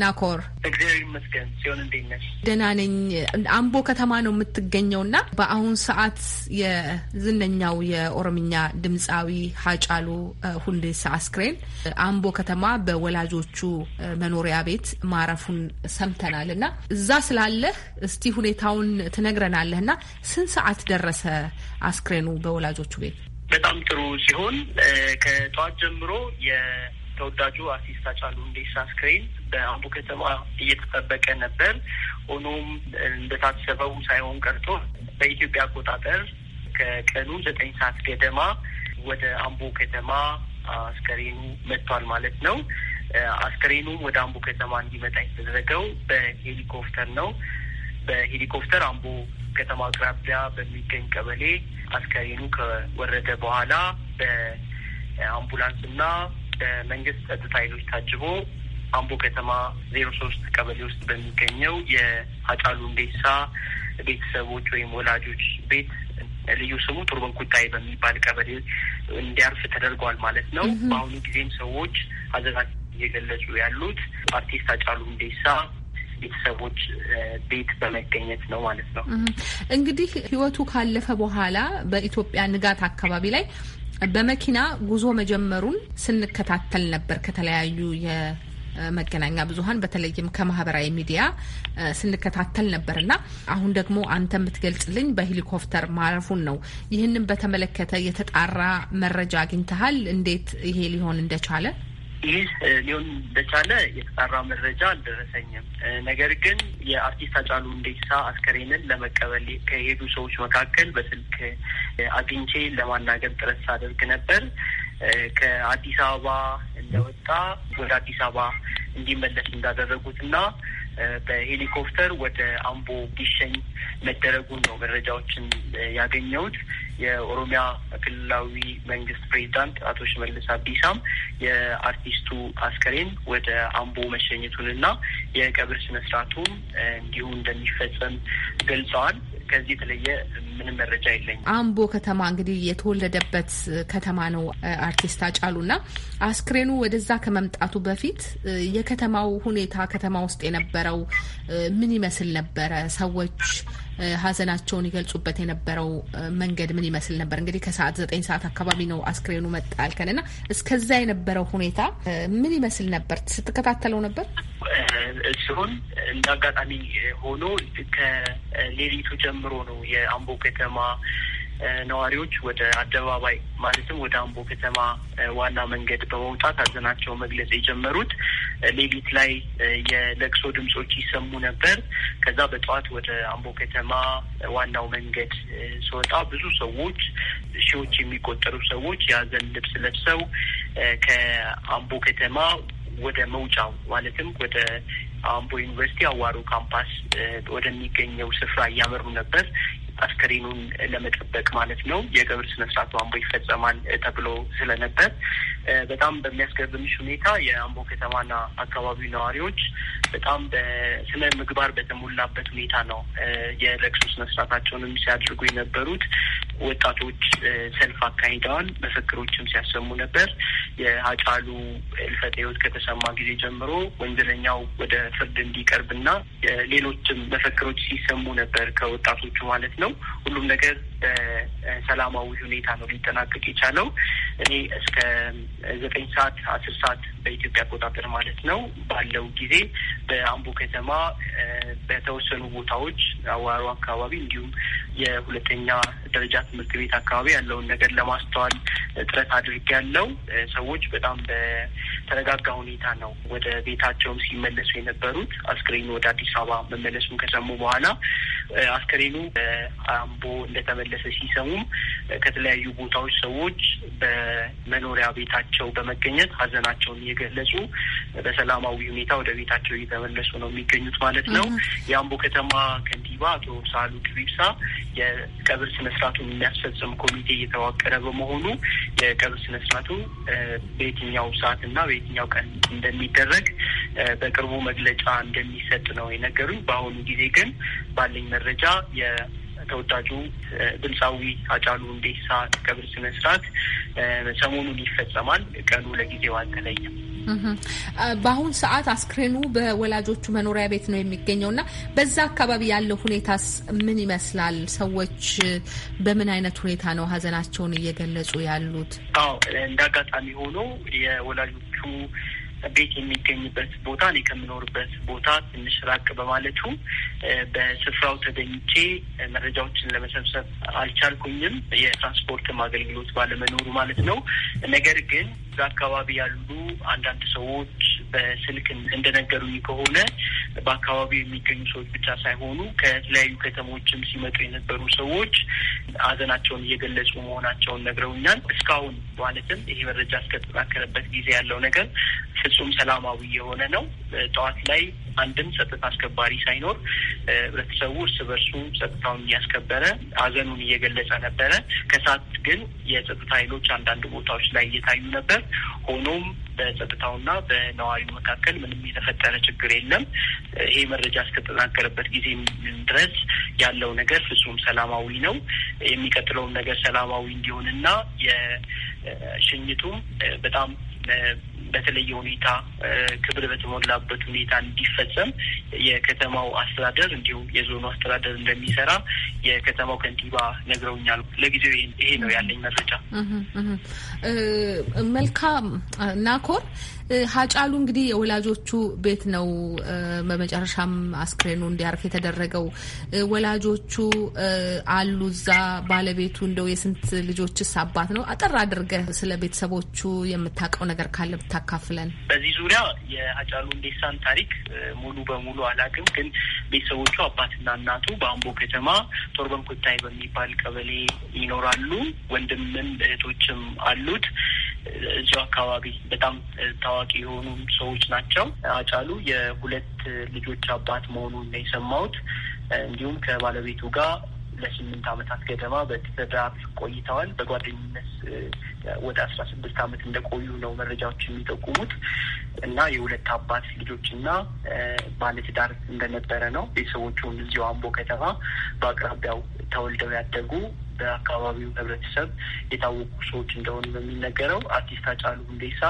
ናኮር። እግዚአብሔር ይመስገን። ሲሆን እንዴት ነሽ? ደህና ነኝ። አምቦ ከተማ ነው የምትገኘው እና በአሁን ሰዓት የዝነኛው የኦሮምኛ ድምፃዊ ሀጫሉ ሁንዴሳ አስክሬን አምቦ ከተማ በወላጆቹ መኖሪያ ቤት ማረፉን ሰምተናል እና እዛ ስላለህ እስቲ ሁኔታውን ትነግረናለህ እና ስንት ሰዓት ደረሰ አስክሬኑ በወላጆቹ ቤት? በጣም ጥሩ ሲሆን ከጠዋት ጀምሮ ተወዳጁ አርቲስት አጫሉ ሁንዴሳ አስክሬን በአምቦ ከተማ እየተጠበቀ ነበር። ሆኖም እንደታሰበው ሳይሆን ቀርቶ በኢትዮጵያ አቆጣጠር ከቀኑ ዘጠኝ ሰዓት ገደማ ወደ አምቦ ከተማ አስከሬኑ መጥቷል ማለት ነው። አስከሬኑ ወደ አምቦ ከተማ እንዲመጣ የተደረገው በሄሊኮፕተር ነው። በሄሊኮፕተር አምቦ ከተማ አቅራቢያ በሚገኝ ቀበሌ አስከሬኑ ከወረደ በኋላ በአምቡላንስና በመንግስት ጸጥታ ኃይሎች ታጅቦ አምቦ ከተማ ዜሮ ሶስት ቀበሌ ውስጥ በሚገኘው የአጫሉ ሁንዴሳ ቤተሰቦች ወይም ወላጆች ቤት ልዩ ስሙ ኩታይ በሚባል ቀበሌ እንዲያርፍ ተደርጓል ማለት ነው። በአሁኑ ጊዜም ሰዎች ሀዘናቸውን እየገለጹ ያሉት አርቲስት አጫሉ ሁንዴሳ ቤተሰቦች ቤት በመገኘት ነው ማለት ነው። እንግዲህ ህይወቱ ካለፈ በኋላ በኢትዮጵያ ንጋት አካባቢ ላይ በመኪና ጉዞ መጀመሩን ስንከታተል ነበር ከተለያዩ መገናኛ ብዙኃን በተለይም ከማህበራዊ ሚዲያ ስንከታተል ነበር እና አሁን ደግሞ አንተ የምትገልጽልኝ በሄሊኮፕተር ማረፉን ነው። ይህንን በተመለከተ የተጣራ መረጃ አግኝተሃል? እንዴት ይሄ ሊሆን እንደቻለ ይህ ሊሆን እንደቻለ የተጣራ መረጃ አልደረሰኝም። ነገር ግን የአርቲስት አጫሉ ሁንዴሳ አስከሬንን ለመቀበል ከሄዱ ሰዎች መካከል በስልክ አግኝቼ ለማናገር ጥረት ሳደርግ ነበር። ከአዲስ አበባ እንደወጣ ወደ አዲስ አበባ እንዲመለስ እንዳደረጉት እና በሄሊኮፕተር ወደ አምቦ ቢሸኝ መደረጉን ነው መረጃዎችን ያገኘሁት። የኦሮሚያ ክልላዊ መንግስት ፕሬዚዳንት አቶ ሽመልስ አብዲሳም የአርቲስቱ አስከሬን ወደ አምቦ መሸኘቱንና የቀብር ስነ እንዲሁ እንደሚፈጸም ገልጸዋል። ከዚህ የተለየ ምንም መረጃ የለኝም። አምቦ ከተማ እንግዲህ የተወለደበት ከተማ ነው አርቲስት አጫሉና አስክሬኑ ወደዛ ከመምጣቱ በፊት የከተማው ሁኔታ ከተማ ውስጥ የነበረው ምን ይመስል ነበረ? ሰዎች ሀዘናቸውን ይገልጹበት የነበረው መንገድ ምን ይመስል ነበር? እንግዲህ ከሰዓት ዘጠኝ ሰዓት አካባቢ ነው አስክሬኑ መጣ ያልከን እና እስከዛ የነበረው ሁኔታ ምን ይመስል ነበር? ስትከታተለው ነበር? እሱን እንደ አጋጣሚ ሆኖ ከሌሊቱ ጀምሮ ነው የአምቦ ከተማ ነዋሪዎች ወደ አደባባይ ማለትም ወደ አምቦ ከተማ ዋና መንገድ በመውጣት ሀዘናቸው መግለጽ የጀመሩት ሌሊት ላይ የለቅሶ ድምጾች ይሰሙ ነበር። ከዛ በጠዋት ወደ አምቦ ከተማ ዋናው መንገድ ስወጣ ብዙ ሰዎች፣ ሺዎች የሚቆጠሩ ሰዎች የሀዘን ልብስ ለብሰው ከአምቦ ከተማ ወደ መውጫው ማለትም ወደ አምቦ ዩኒቨርሲቲ አዋሮ ካምፓስ ወደሚገኘው ስፍራ እያመሩ ነበር። አስከሬኑን ለመጠበቅ ማለት ነው። የቀብር ስነስርዓቱ አምቦ ይፈጸማል ተብሎ ስለነበር በጣም በሚያስገርምሽ ሁኔታ የአምቦ ከተማና አካባቢው ነዋሪዎች በጣም በስነ ምግባር በተሞላበት ሁኔታ ነው የለቅሶ ስነስርዓታቸውንም ሲያደርጉ የነበሩት። ወጣቶች ሰልፍ አካሂደዋል። መፈክሮችም ሲያሰሙ ነበር። የሀጫሉ እልፈተ ሕይወት ከተሰማ ጊዜ ጀምሮ ወንጀለኛው ወደ ፍርድ እንዲቀርብና ሌሎችም መፈክሮች ሲሰሙ ነበር ከወጣቶቹ ማለት ነው። ነው። ሁሉም ነገር በሰላማዊ ሁኔታ ነው ሊጠናቀቅ የቻለው። እኔ እስከ ዘጠኝ ሰዓት አስር ሰዓት በኢትዮጵያ አቆጣጠር ማለት ነው ባለው ጊዜ በአምቦ ከተማ በተወሰኑ ቦታዎች አዋሮ አካባቢ እንዲሁም የሁለተኛ ደረጃ ትምህርት ቤት አካባቢ ያለውን ነገር ለማስተዋል ጥረት አድርግ ያለው ሰዎች በጣም በተረጋጋ ሁኔታ ነው ወደ ቤታቸውም ሲመለሱ የነበሩት። አስክሬኑ ወደ አዲስ አበባ መመለሱን ከሰሙ በኋላ አስክሬኑ በአምቦ እንደተመለ እንደተመለሰ ሲሰሙም ከተለያዩ ቦታዎች ሰዎች በመኖሪያ ቤታቸው በመገኘት ሀዘናቸውን እየገለጹ በሰላማዊ ሁኔታ ወደ ቤታቸው እየተመለሱ ነው የሚገኙት ማለት ነው። የአምቦ ከተማ ከንቲባ አቶ ሳሉ ክቢብሳ የቀብር ስነስርዓቱን የሚያስፈጽም ኮሚቴ እየተዋቀረ በመሆኑ የቀብር ስነስርዓቱ በየትኛው ሰዓት እና በየትኛው ቀን እንደሚደረግ በቅርቡ መግለጫ እንደሚሰጥ ነው የነገሩኝ። በአሁኑ ጊዜ ግን ባለኝ መረጃ ተወዳጁ ድምፃዊ ሃጫሉ ሁንዴሳ ቀብር ስነ ስርዓት ሰሞኑን ይፈጸማል። ቀኑ ለጊዜው አልተለየም። በአሁን ሰዓት አስክሬኑ በወላጆቹ መኖሪያ ቤት ነው የሚገኘው እና በዛ አካባቢ ያለው ሁኔታስ ምን ይመስላል? ሰዎች በምን አይነት ሁኔታ ነው ሀዘናቸውን እየገለጹ ያሉት? አዎ እንደ አጋጣሚ ሆኖ የወላጆቹ ቤት የሚገኝበት ቦታ እኔ ከምኖርበት ቦታ ትንሽ ራቅ በማለቱ በስፍራው ተገኝቼ መረጃዎችን ለመሰብሰብ አልቻልኩኝም፣ የትራንስፖርትም አገልግሎት ባለመኖሩ ማለት ነው። ነገር ግን እዛ አካባቢ ያሉ አንዳንድ ሰዎች በስልክ እንደነገሩኝ ከሆነ በአካባቢው የሚገኙ ሰዎች ብቻ ሳይሆኑ ከተለያዩ ከተሞችም ሲመጡ የነበሩ ሰዎች ሀዘናቸውን እየገለጹ መሆናቸውን ነግረውኛል። እስካሁን ማለትም ይሄ መረጃ እስከተጠናከረበት ጊዜ ያለው ነገር ፍጹም ሰላማዊ የሆነ ነው። ጠዋት ላይ አንድም ጸጥታ አስከባሪ ሳይኖር ህብረተሰቡ እርስ በርሱ ጸጥታውን እያስከበረ ሀዘኑን እየገለጸ ነበረ። ከሰዓት ግን የጸጥታ ኃይሎች አንዳንድ ቦታዎች ላይ እየታዩ ነበር። ሆኖም በጸጥታውና በነዋሪው መካከል ምንም የተፈጠረ ችግር የለም። ይሄ መረጃ እስከተጠናከረበት ጊዜ ድረስ ያለው ነገር ፍጹም ሰላማዊ ነው። የሚቀጥለውን ነገር ሰላማዊ እንዲሆንና የሽኝቱም በጣም በተለየ ሁኔታ ክብር በተሞላበት ሁኔታ እንዲፈጸም የከተማው አስተዳደር እንዲሁም የዞኑ አስተዳደር እንደሚሰራ የከተማው ከንቲባ ነግረውኛል። ለጊዜው ይሄ ነው ያለኝ መረጃ። መልካም ናኮር ሀጫሉ እንግዲህ የወላጆቹ ቤት ነው በመጨረሻም አስክሬኑ እንዲያርፍ የተደረገው። ወላጆቹ አሉ እዛ። ባለቤቱ እንደው የስንት ልጆችስ አባት ነው? አጠር አድርገህ ስለ ቤተሰቦቹ የምታውቀው ነገር ካለ ብታካፍለን። በዚህ ዙሪያ የሀጫሉ ሁንዴሳን ታሪክ ሙሉ በሙሉ አላውቅም፣ ግን ቤተሰቦቹ አባትና እናቱ በአምቦ ከተማ ቶርበን ኮታይ በሚባል ቀበሌ ይኖራሉ። ወንድምም እህቶችም አሉት እዚሁ አካባቢ በጣም ታዋ ታዋቂ የሆኑ ሰዎች ናቸው። አጫሉ የሁለት ልጆች አባት መሆኑን ነው የሰማሁት። እንዲሁም ከባለቤቱ ጋር ለስምንት ዓመታት ገደማ በትዳር ቆይተዋል። በጓደኝነት ወደ አስራ ስድስት ዓመት እንደቆዩ ነው መረጃዎች የሚጠቁሙት እና የሁለት አባት ልጆች እና ባለትዳር እንደነበረ ነው። ቤተሰቦቹን እዚሁ አምቦ ከተማ በአቅራቢያው ተወልደው ያደጉ በአካባቢው ህብረተሰብ የታወቁ ሰዎች እንደሆኑ በሚነገረው አርቲስት አጫሉ ሁንዴሳ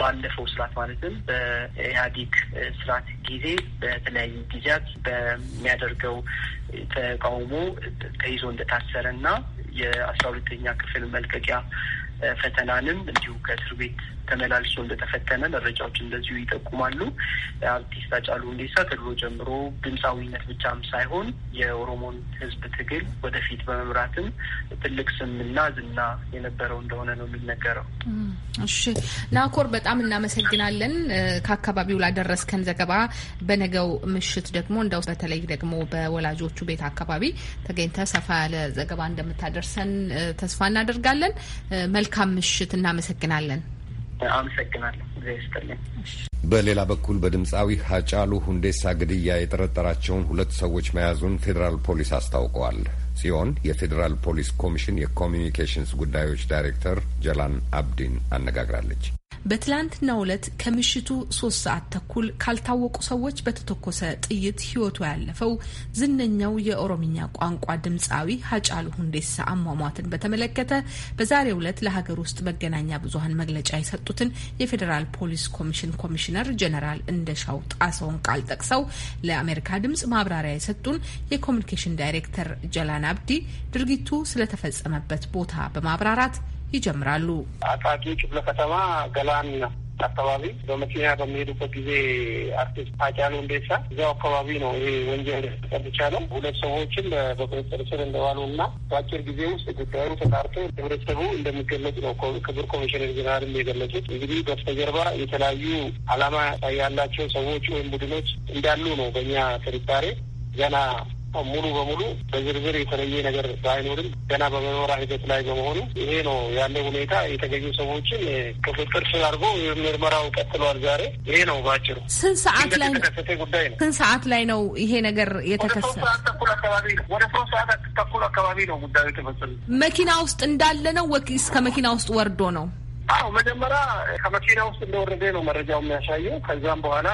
ባለፈው ስርዓት ማለትም በኢህአዲግ ስርዓት ጊዜ በተለያዩ ጊዜያት በሚያደርገው ተቃውሞ ተይዞ እንደታሰረ እና የአስራ ሁለተኛ ክፍል መልቀቂያ ፈተናንም እንዲሁ ከእስር ቤት ተመላልሶ እንደተፈተነ መረጃዎች እንደዚሁ ይጠቁማሉ። አርቲስት አጫሉ ሁንዴሳ ከድሮ ጀምሮ ድምፃዊነት ብቻም ሳይሆን የኦሮሞን ሕዝብ ትግል ወደፊት በመምራትም ትልቅ ስምና ዝና የነበረው እንደሆነ ነው የሚነገረው። እሺ ናኮር፣ በጣም እናመሰግናለን ከአካባቢው ላደረስከን ዘገባ። በነገው ምሽት ደግሞ እንደው በተለይ ደግሞ በወላጆቹ ቤት አካባቢ ተገኝተ ሰፋ ያለ ዘገባ እንደምታደርሰን ተስፋ እናደርጋለን። መልካም ምሽት። እናመሰግናለን። አመሰግናለሁ። በሌላ በኩል በድምፃዊ ሀጫሉ ሁንዴሳ ግድያ የጠረጠራቸውን ሁለት ሰዎች መያዙን ፌዴራል ፖሊስ አስታውቀዋል። ሲሆን የፌዴራል ፖሊስ ኮሚሽን የኮሚኒኬሽንስ ጉዳዮች ዳይሬክተር ጀላን አብዲን አነጋግራለች። በትላንትናው ዕለት ከምሽቱ ሶስት ሰዓት ተኩል ካልታወቁ ሰዎች በተተኮሰ ጥይት ህይወቱ ያለፈው ዝነኛው የኦሮምኛ ቋንቋ ድምፃዊ ሀጫሉ ሁንዴሳ አሟሟትን በተመለከተ በዛሬው ዕለት ለሀገር ውስጥ መገናኛ ብዙሀን መግለጫ የሰጡትን የፌዴራል ፖሊስ ኮሚሽን ኮሚሽነር ጀነራል እንደሻው ጣሰውን ቃል ጠቅሰው ለአሜሪካ ድምጽ ማብራሪያ የሰጡን የኮሚኒኬሽን ዳይሬክተር ጀላን አብዲ ድርጊቱ ስለተፈጸመበት ቦታ በማብራራት ይጀምራሉ። አጣቂ ክፍለ ከተማ ገላን አካባቢ በመኪና በሚሄዱበት ጊዜ አርቲስት ሃጫሉ ሁንዴሳ እዚያው አካባቢ ነው ይሄ ወንጀል ነው። ሁለት ሰዎችም በቁጥጥር ስር እንደዋሉ እና በአጭር ጊዜ ውስጥ ጉዳዩ ተጣርቶ ህብረተሰቡ እንደሚገለጽ ነው ክቡር ኮሚሽነር ጀነራልም የገለጹት። እንግዲህ በስተጀርባ የተለያዩ አላማ ያላቸው ሰዎች ወይም ቡድኖች እንዳሉ ነው በእኛ ትርታሬ ገና ሙሉ በሙሉ በዝርዝር የተለየ ነገር ባይኖርም ገና በመኖራ ሂደት ላይ በመሆኑ ይሄ ነው ያለው ሁኔታ። የተገኙ ሰዎችን ቁጥጥር ስር አድርጎ ምርመራው ቀጥሏል። ዛሬ ይሄ ነው ባጭሩ። ስንት ሰዓት ላይ የተከሰተ ጉዳይ ነው? ስንት ሰዓት ላይ ነው ይሄ ነገር የተከሰተ? ወደ ሶስት ሰዓት ተኩል አካባቢ ነው። ወደ ሶስት ሰዓት ተኩል አካባቢ ነው ጉዳዩ የተፈጸመ። መኪና ውስጥ እንዳለ ነው ወይስ ከመኪና ውስጥ ወርዶ ነው? አዎ መጀመሪያ ከመኪና ውስጥ እንደወረደ ነው መረጃው የሚያሳየው። ከዛም በኋላ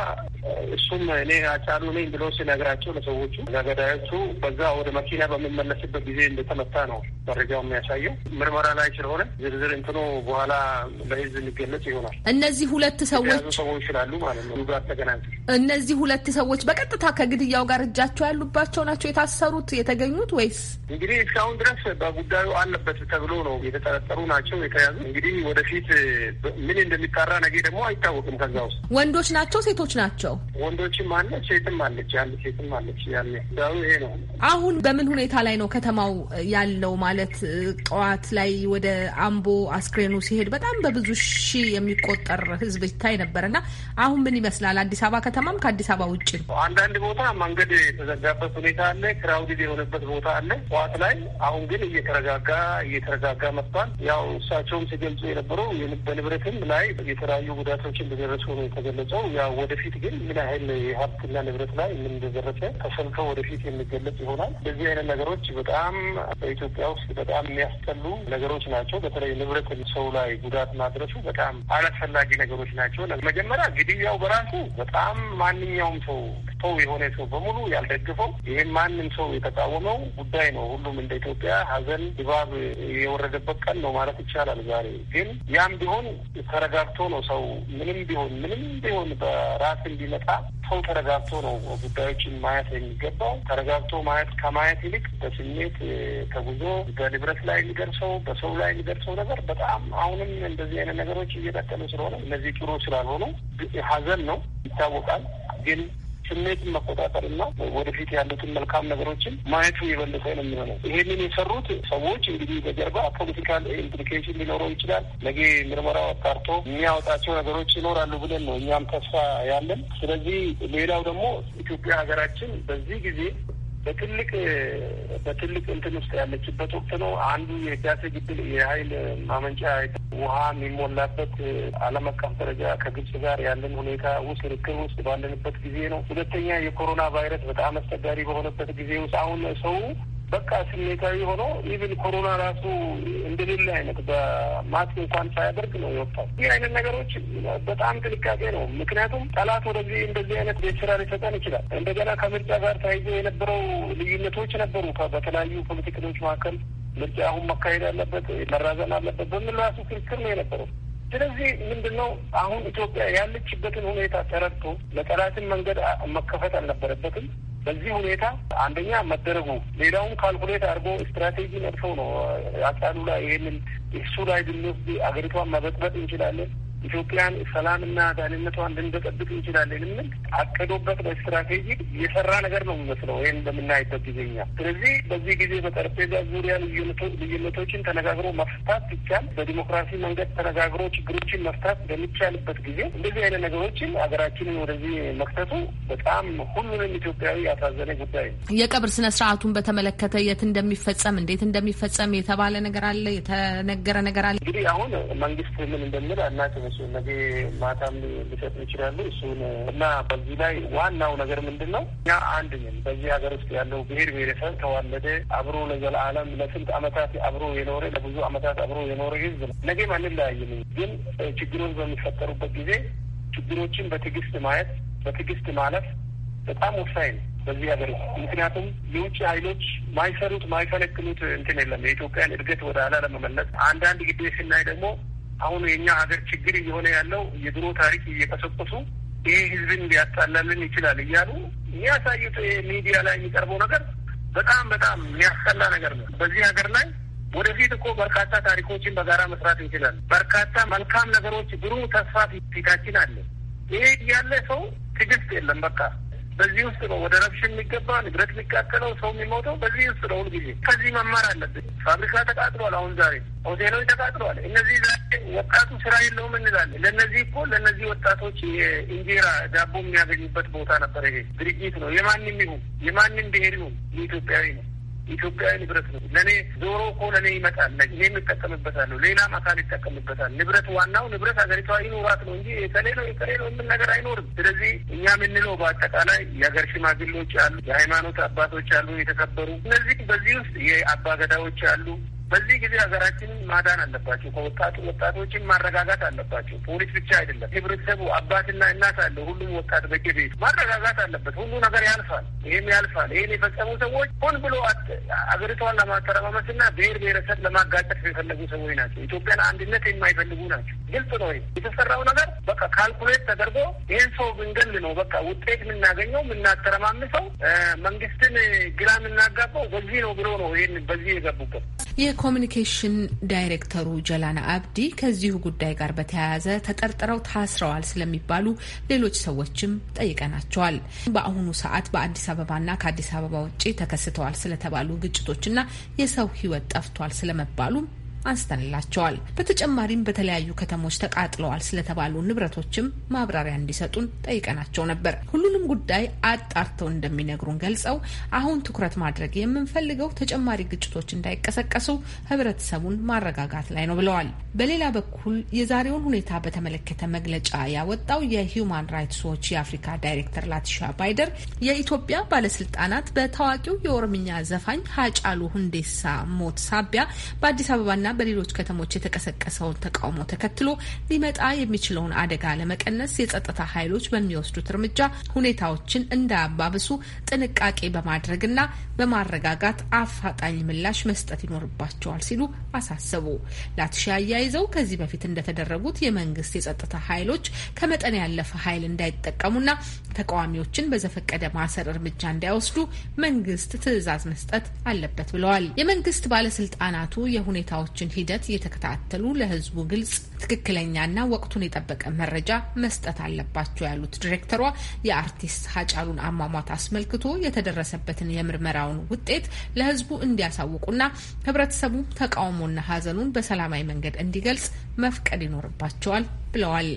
እሱም እኔ አጫሉ ነኝ ብሎ ሲነግራቸው ለሰዎቹ ለገዳዮቹ በዛ ወደ መኪና በሚመለስበት ጊዜ እንደተመታ ነው መረጃው የሚያሳየው። ምርመራ ላይ ስለሆነ ዝርዝር እንትኖ በኋላ በህዝብ የሚገለጽ ይሆናል። እነዚህ ሁለት ሰዎች ሰዎች ይችላሉ ማለት ነው ተገናኝ እነዚህ ሁለት ሰዎች በቀጥታ ከግድያው ጋር እጃቸው ያሉባቸው ናቸው የታሰሩት የተገኙት ወይስ እንግዲህ እስካሁን ድረስ በጉዳዩ አለበት ተብሎ ነው የተጠረጠሩ ናቸው የተያዙ። እንግዲህ ወደፊት ምን እንደሚጣራ ነገ ደግሞ አይታወቅም። ከዛ ውስጥ ወንዶች ናቸው ሴቶች ናቸው ናቸው? ወንዶችም አለ ሴትም አለች ያለ ሴትም አለች ያለ ይሄ ነው። አሁን በምን ሁኔታ ላይ ነው ከተማው ያለው? ማለት ጠዋት ላይ ወደ አምቦ አስክሬኑ ሲሄድ በጣም በብዙ ሺህ የሚቆጠር ህዝብ ይታይ ነበር እና አሁን ምን ይመስላል? አዲስ አበባ ከተማም ከአዲስ አበባ ውጭ ነው። አንዳንድ ቦታ መንገድ የተዘጋበት ሁኔታ አለ፣ ክራውድድ የሆነበት ቦታ አለ ጠዋት ላይ። አሁን ግን እየተረጋጋ እየተረጋጋ መጥቷል። ያው እሳቸውም ሲገልጹ የነበረው በንብረትም ላይ የተለያዩ ጉዳቶች እንደደረሱ ነው የተገለጸው። ያው ወደፊት ግን ምን ያህል የሀብትና ንብረት ላይ ምን እንደደረሰ ወደፊት የሚገለጽ ይሆናል። በዚህ አይነት ነገሮች በጣም በኢትዮጵያ ውስጥ በጣም የሚያስጠሉ ነገሮች ናቸው። በተለይ ንብረት ሰው ላይ ጉዳት ማድረሱ በጣም አላስፈላጊ ነገሮች ናቸው። መጀመሪያ ግድያው በራሱ በጣም ማንኛውም ሰው ሰው የሆነ ሰው በሙሉ ያልደግፈው ይህም ማንም ሰው የተቃወመው ጉዳይ ነው። ሁሉም እንደ ኢትዮጵያ ሀዘን ድባብ የወረደበት ቀን ነው ማለት ይቻላል ዛሬ። ግን ያም ቢሆን ተረጋግቶ ነው ሰው ምንም ቢሆን ምንም ቢሆን በራስ እንዲመጣ ሰው ተረጋግቶ ነው ጉዳዮችን ማየት የሚገባው። ተረጋግቶ ማየት ከማየት ይልቅ በስሜት ተጉዞ በንብረት ላይ የሚደርሰው በሰው ላይ የሚደርሰው ነገር በጣም አሁንም እንደዚህ አይነት ነገሮች እየቀጠሉ ስለሆነ እነዚህ ጥሩ ስላልሆኑ ሀዘን ነው ይታወቃል ግን ስሜትን መቆጣጠር እና ወደፊት ያሉትን መልካም ነገሮችን ማየቱ የበለጠ ነው የሚሆነው። ይሄንን የሰሩት ሰዎች እንግዲህ በጀርባ ፖለቲካል ኢምፕሊኬሽን ሊኖረው ይችላል። ነገ ምርመራው አጣርቶ የሚያወጣቸው ነገሮች ይኖራሉ ብለን ነው እኛም ተስፋ ያለን። ስለዚህ ሌላው ደግሞ ኢትዮጵያ ሀገራችን በዚህ ጊዜ በትልቅ በትልቅ እንትን ውስጥ ያለችበት ወቅት ነው። አንዱ የህዳሴ ግድብ የሀይል ማመንጫ ውሃ የሚሞላበት ዓለም አቀፍ ደረጃ ከግብጽ ጋር ያለን ሁኔታ ውስጥ ርክብ ውስጥ ባለንበት ጊዜ ነው። ሁለተኛ የኮሮና ቫይረስ በጣም አስቸጋሪ በሆነበት ጊዜ ውስጥ አሁን ሰው በቃ ስሜታዊ ሆኖ ኢቭን ኮሮና ራሱ እንደሌለ አይነት በማስክ እንኳን ሳያደርግ ነው የወጣው። ይህ አይነት ነገሮች በጣም ጥንቃቄ ነው። ምክንያቱም ጠላት ወደዚህ እንደዚህ አይነት ቤት ስራ ሊሰጠን ይችላል። እንደገና ከምርጫ ጋር ተያይዞ የነበረው ልዩነቶች ነበሩ በተለያዩ ፖለቲከኞች መካከል ምርጫ አሁን መካሄድ አለበት መራዘም አለበት በሚል ራሱ ክርክር ነው የነበረው። ስለዚህ ነው አሁን ኢትዮጵያ ያለችበትን ሁኔታ ተረድቶ ለጠላትን መንገድ መከፈት አልነበረበትም። በዚህ ሁኔታ አንደኛ መደረጉ ሌላውም ካልኩሌት አድርጎ ስትራቴጂ ነድፈው ነው አቃሉ ላይ ይህንን እሱ ላይ ብንወስድ አገሪቷን መበጥበጥ እንችላለን ኢትዮጵያን ሰላምና ዳንነቷን ልንበጠብቅ እንችላለን የምንል አቅዶበት በስትራቴጂ የሰራ ነገር ነው የሚመስለው ይህን በምናይበት ጊዜኛ። ስለዚህ በዚህ ጊዜ በጠረጴዛ ዙሪያ ልዩነቶችን ተነጋግሮ መፍታት ይቻል፣ በዲሞክራሲ መንገድ ተነጋግሮ ችግሮችን መፍታት በሚቻልበት ጊዜ እንደዚህ አይነት ነገሮችን ሀገራችንን ወደዚህ መክተቱ በጣም ሁሉንም ኢትዮጵያዊ ያሳዘነ ጉዳይ ነው። የቀብር ስነ ስርዓቱን በተመለከተ የት እንደሚፈጸም እንዴት እንደሚፈጸም የተባለ ነገር አለ፣ የተነገረ ነገር አለ። እንግዲህ አሁን መንግስት ምን እንደሚል አናውቅም። እነሱ ነገ ማታም ሊሰጡ ይችላሉ። እሱን እና በዚህ ላይ ዋናው ነገር ምንድን ነው እኛ አንድ ነን። በዚህ ሀገር ውስጥ ያለው ብሄር ብሄረሰብ ተዋለደ አብሮ ለዘለዓለም ለስንት አመታት አብሮ የኖረ ለብዙ አመታት አብሮ የኖረ ህዝብ ነው። ነገም አንለያይም። ግን ችግሮች በሚፈጠሩበት ጊዜ ችግሮችን በትዕግስት ማየት፣ በትዕግስት ማለፍ በጣም ወሳኝ ነው በዚህ ሀገር ውስጥ ምክንያቱም የውጭ ኃይሎች ማይሰሩት ማይፈለክሉት እንትን የለም የኢትዮጵያን እድገት ወደ ኋላ ለመመለስ አንዳንድ ግዴ ስናይ ደግሞ አሁን የእኛ ሀገር ችግር እየሆነ ያለው የድሮ ታሪክ እየቀሰቀሱ ይህ ህዝብን ሊያጣላልን ይችላል እያሉ የሚያሳዩት ሚዲያ ላይ የሚቀርበው ነገር በጣም በጣም የሚያስጠላ ነገር ነው። በዚህ ሀገር ላይ ወደፊት እኮ በርካታ ታሪኮችን በጋራ መስራት እንችላል። በርካታ መልካም ነገሮች፣ ብሩህ ተስፋ ፊታችን አለ። ይሄ ያለ ሰው ትዕግስት የለም በቃ በዚህ ውስጥ ነው ወደ ረብሽ የሚገባ ንብረት የሚቃጠለው ሰው የሚሞተው በዚህ ውስጥ ነው። ሁልጊዜ ከዚህ መማር አለብን። ፋብሪካ ተቃጥሏል። አሁን ዛሬ ሆቴሎች ተቃጥሏል። እነዚህ ዛሬ ወጣቱ ስራ የለውም እንላለን። ለእነዚህ እኮ ለእነዚህ ወጣቶች እንጀራ ዳቦ የሚያገኙበት ቦታ ነበር። ይሄ ድርጅት ነው የማንም ይሁን የማንም ብሄር ይሁን የኢትዮጵያዊ ነው። ኢትዮጵያዊ ንብረት ነው። ለእኔ ዞሮ እኮ ለእኔ ይመጣል፣ እኔም ይጠቀምበታለሁ፣ ሌላም አካል ይጠቀምበታል። ንብረት ዋናው ንብረት ሀገሪቷ ይኖራት ነው እንጂ የተሌ ነው የተሌ ነው የምል ነገር አይኖርም። ስለዚህ እኛ የምንለው በአጠቃላይ የሀገር ሽማግሌዎች አሉ፣ የሃይማኖት አባቶች አሉ የተከበሩ እነዚህ በዚህ ውስጥ የአባገዳዎች አሉ በዚህ ጊዜ ሀገራችንን ማዳን አለባቸው። ከወጣቱ ወጣቶችን ማረጋጋት አለባቸው። ፖሊስ ብቻ አይደለም፣ ህብረተሰቡ አባትና እናት አለ። ሁሉም ወጣት በየቤቱ ማረጋጋት አለበት። ሁሉ ነገር ያልፋል፣ ይህም ያልፋል። ይህን የፈጸሙ ሰዎች ሆን ብሎ አገሪቷን ለማተረማመስና ብሔር ብሔረሰብ ለማጋጨት የፈለጉ ሰዎች ናቸው። ኢትዮጵያን አንድነት የማይፈልጉ ናቸው። ግልጽ ነው። የተሰራው ነገር በቃ ካልኩሌት ተደርጎ ይህን ሰው ብንገል ነው በቃ ውጤት የምናገኘው የምናተረማምሰው መንግስትን ግራ የምናጋባው በዚህ ነው ብሎ ነው ይህን በዚህ የገቡበት የኮሚኒኬሽን ዳይሬክተሩ ጀላና አብዲ ከዚሁ ጉዳይ ጋር በተያያዘ ተጠርጥረው ታስረዋል ስለሚባሉ ሌሎች ሰዎችም ጠይቀናቸዋል። በአሁኑ ሰዓት በአዲስ አበባና ከአዲስ አበባ ውጭ ተከስተዋል ስለተባሉ ግጭቶችና የሰው ሕይወት ጠፍቷል ስለመባሉም አንስተንላቸዋል። በተጨማሪም በተለያዩ ከተሞች ተቃጥለዋል ስለተባሉ ንብረቶችም ማብራሪያ እንዲሰጡን ጠይቀናቸው ነበር። ሁሉንም ጉዳይ አጣርተው እንደሚነግሩን ገልጸው አሁን ትኩረት ማድረግ የምንፈልገው ተጨማሪ ግጭቶች እንዳይቀሰቀሱ ህብረተሰቡን ማረጋጋት ላይ ነው ብለዋል። በሌላ በኩል የዛሬውን ሁኔታ በተመለከተ መግለጫ ያወጣው የሂዩማን ራይትስ ዎች የአፍሪካ ዳይሬክተር ላቲሻ ባይደር የኢትዮጵያ ባለስልጣናት በታዋቂው የኦሮምኛ ዘፋኝ ሀጫሉ ሁንዴሳ ሞት ሳቢያ በአዲስ አበባና በሌሎች ከተሞች የተቀሰቀሰውን ተቃውሞ ተከትሎ ሊመጣ የሚችለውን አደጋ ለመቀነስ የጸጥታ ኃይሎች በሚወስዱት እርምጃ ሁኔታዎችን እንዳያባብሱ ጥንቃቄ በማድረግና በማረጋጋት አፋጣኝ ምላሽ መስጠት ይኖርባቸዋል ሲሉ አሳሰቡ። ላትሻ አያይዘው ከዚህ በፊት እንደተደረጉት የመንግስት የጸጥታ ኃይሎች ከመጠን ያለፈ ኃይል እንዳይጠቀሙና ተቃዋሚዎችን በዘፈቀደ ማሰር እርምጃ እንዳይወስዱ መንግስት ትዕዛዝ መስጠት አለበት ብለዋል። የመንግስት ባለስልጣናቱ የሁኔታዎችን የለውጦችን ሂደት እየተከታተሉ ለህዝቡ ግልጽ ትክክለኛና ወቅቱን የጠበቀ መረጃ መስጠት አለባቸው ያሉት ዲሬክተሯ የአርቲስት ሀጫሉን አሟሟት አስመልክቶ የተደረሰበትን የምርመራውን ውጤት ለህዝቡ እንዲያሳውቁና ህብረተሰቡ ተቃውሞና ሀዘኑን በሰላማዊ መንገድ እንዲገልጽ መፍቀድ ይኖርባቸዋል ብለዋል።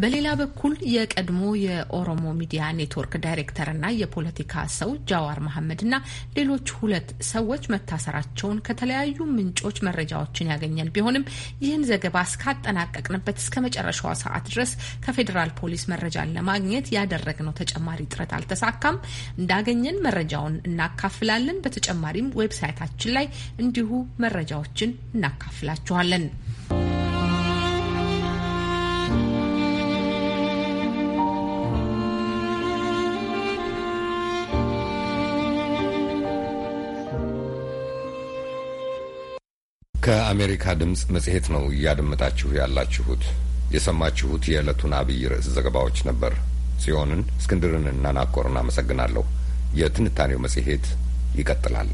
በሌላ በኩል የቀድሞ የኦሮሞ ሚዲያ ኔትወርክ ዳይሬክተርና የፖለቲካ ሰው ጃዋር መሐመድና ሌሎች ሁለት ሰዎች መታሰራቸውን ከተለያዩ ምንጮች መረጃዎችን ያገኘን ቢሆንም ይህን ዘገባ እስካጠናቀቅንበት እስከ መጨረሻዋ ሰዓት ድረስ ከፌዴራል ፖሊስ መረጃን ለማግኘት ያደረግነው ተጨማሪ ጥረት አልተሳካም። እንዳገኘን መረጃውን እናካፍላለን። በተጨማሪም ዌብሳይታችን ላይ እንዲሁ መረጃዎችን እናካፍላችኋለን። ከአሜሪካ ድምፅ መጽሔት ነው እያደመጣችሁ ያላችሁት። የሰማችሁት የዕለቱን አብይ ርዕስ ዘገባዎች ነበር። ጽዮንን፣ እስክንድርንና ናኮርን አመሰግናለሁ። የትንታኔው መጽሔት ይቀጥላል።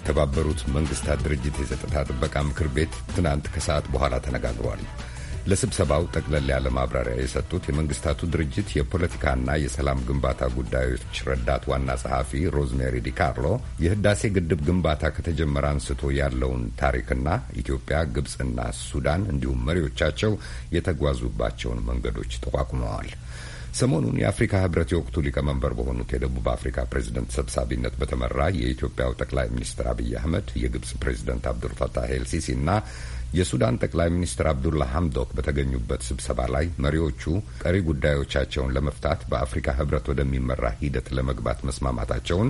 የተባበሩት መንግስታት ድርጅት የጸጥታ ጥበቃ ምክር ቤት ትናንት ከሰዓት በኋላ ተነጋግሯል። ለስብሰባው ጠቅለል ያለ ማብራሪያ የሰጡት የመንግስታቱ ድርጅት የፖለቲካና የሰላም ግንባታ ጉዳዮች ረዳት ዋና ጸሐፊ ሮዝሜሪ ዲካርሎ የህዳሴ ግድብ ግንባታ ከተጀመረ አንስቶ ያለውን ታሪክና ኢትዮጵያ፣ ግብፅና ሱዳን እንዲሁም መሪዎቻቸው የተጓዙባቸውን መንገዶች ተቋቁመዋል። ሰሞኑን የአፍሪካ ህብረት የወቅቱ ሊቀመንበር በሆኑት የደቡብ አፍሪካ ፕሬዝደንት ሰብሳቢነት በተመራ የኢትዮጵያው ጠቅላይ ሚኒስትር አብይ አህመድ፣ የግብጽ ፕሬዝደንት አብዱልፈታህ ኤልሲሲ እና የሱዳን ጠቅላይ ሚኒስትር አብዱላ ሐምዶክ በተገኙበት ስብሰባ ላይ መሪዎቹ ቀሪ ጉዳዮቻቸውን ለመፍታት በአፍሪካ ህብረት ወደሚመራ ሂደት ለመግባት መስማማታቸውን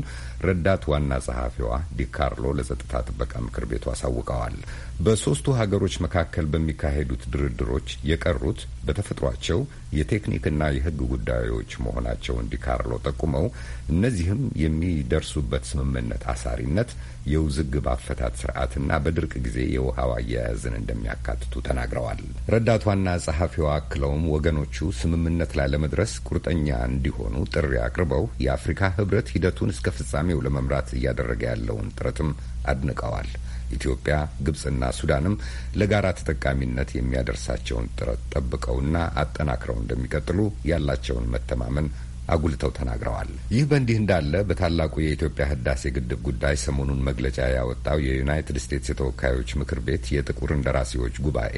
ረዳት ዋና ጸሐፊዋ ዲካርሎ ለጸጥታ ጥበቃ ምክር ቤቱ አሳውቀዋል። በሦስቱ ሀገሮች መካከል በሚካሄዱት ድርድሮች የቀሩት በተፈጥሯቸው የቴክኒክና የህግ ጉዳዮች መሆናቸውን ዲካርሎ ጠቁመው እነዚህም የሚደርሱበት ስምምነት አሳሪነት የውዝግብ አፈታት ስርዓትና በድርቅ ጊዜ የውሃው አያያዝን እንደሚያካትቱ ተናግረዋል። ረዳቷና ጸሐፊዋ አክለውም ወገኖቹ ስምምነት ላይ ለመድረስ ቁርጠኛ እንዲሆኑ ጥሪ አቅርበው የአፍሪካ ህብረት ሂደቱን እስከ ፍጻሜው ለመምራት እያደረገ ያለውን ጥረትም አድንቀዋል። ኢትዮጵያ፣ ግብጽና ሱዳንም ለጋራ ተጠቃሚነት የሚያደርሳቸውን ጥረት ጠብቀውና አጠናክረው እንደሚቀጥሉ ያላቸውን መተማመን አጉልተው ተናግረዋል። ይህ በእንዲህ እንዳለ በታላቁ የኢትዮጵያ ህዳሴ ግድብ ጉዳይ ሰሞኑን መግለጫ ያወጣው የዩናይትድ ስቴትስ የተወካዮች ምክር ቤት የጥቁር እንደራሴዎች ጉባኤ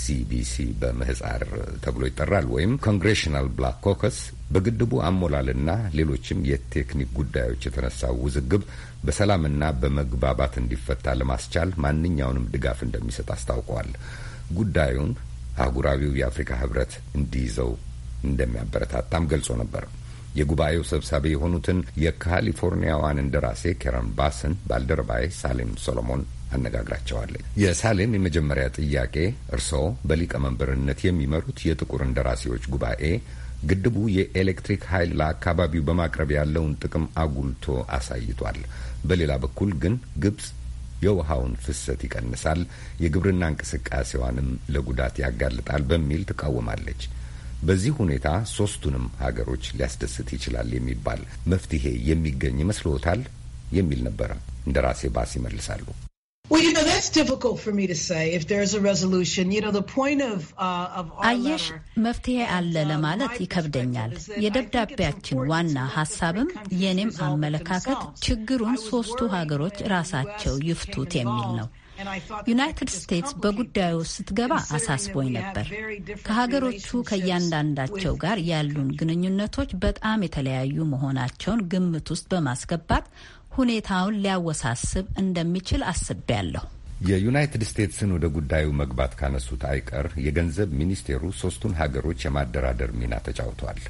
ሲቢሲ በምህጻር ተብሎ ይጠራል ወይም ኮንግሬሽናል ብላክ ኮከስ በግድቡ አሞላልና ሌሎችም የቴክኒክ ጉዳዮች የተነሳው ውዝግብ በሰላምና በመግባባት እንዲፈታ ለማስቻል ማንኛውንም ድጋፍ እንደሚሰጥ አስታውቀዋል። ጉዳዩን አህጉራዊው የአፍሪካ ህብረት እንዲይዘው እንደሚያበረታታም ገልጾ ነበር። የጉባኤው ሰብሳቢ የሆኑትን የካሊፎርኒያዋን እንደራሴ ኬረን ባስን ባልደረባዬ ሳሌም ሶሎሞን አነጋግራቸዋለች። የሳሌም የመጀመሪያ ጥያቄ እርስዎ በሊቀመንበርነት የሚመሩት የጥቁር እንደራሴዎች ጉባኤ ግድቡ የኤሌክትሪክ ኃይል ለአካባቢው በማቅረብ ያለውን ጥቅም አጉልቶ አሳይቷል። በሌላ በኩል ግን ግብጽ የውሃውን ፍሰት ይቀንሳል፣ የግብርና እንቅስቃሴዋንም ለጉዳት ያጋልጣል በሚል ትቃወማለች። በዚህ ሁኔታ ሶስቱንም ሀገሮች ሊያስደስት ይችላል የሚባል መፍትሄ የሚገኝ ይመስልዎታል? የሚል ነበረ። እንደ ራሴ ባስ ይመልሳሉ። uh, አየሽ መፍትሄ አለ um, ለማለት ይከብደኛል። የደብዳቤያችን ዋና ሀሳብም የኔም አመለካከት ችግሩን ሶስቱ ሀገሮች ራሳቸው ይፍቱት የሚል ነው። ዩናይትድ ስቴትስ በጉዳዩ ስትገባ አሳስቦኝ ነበር። ከሀገሮቹ ከእያንዳንዳቸው ጋር ያሉን ግንኙነቶች በጣም የተለያዩ መሆናቸውን ግምት ውስጥ በማስገባት ሁኔታውን ሊያወሳስብ እንደሚችል አስቤያለሁ። የዩናይትድ ስቴትስን ወደ ጉዳዩ መግባት ካነሱት አይቀር የገንዘብ ሚኒስቴሩ ሶስቱን ሀገሮች የማደራደር ሚና ተጫውቷል።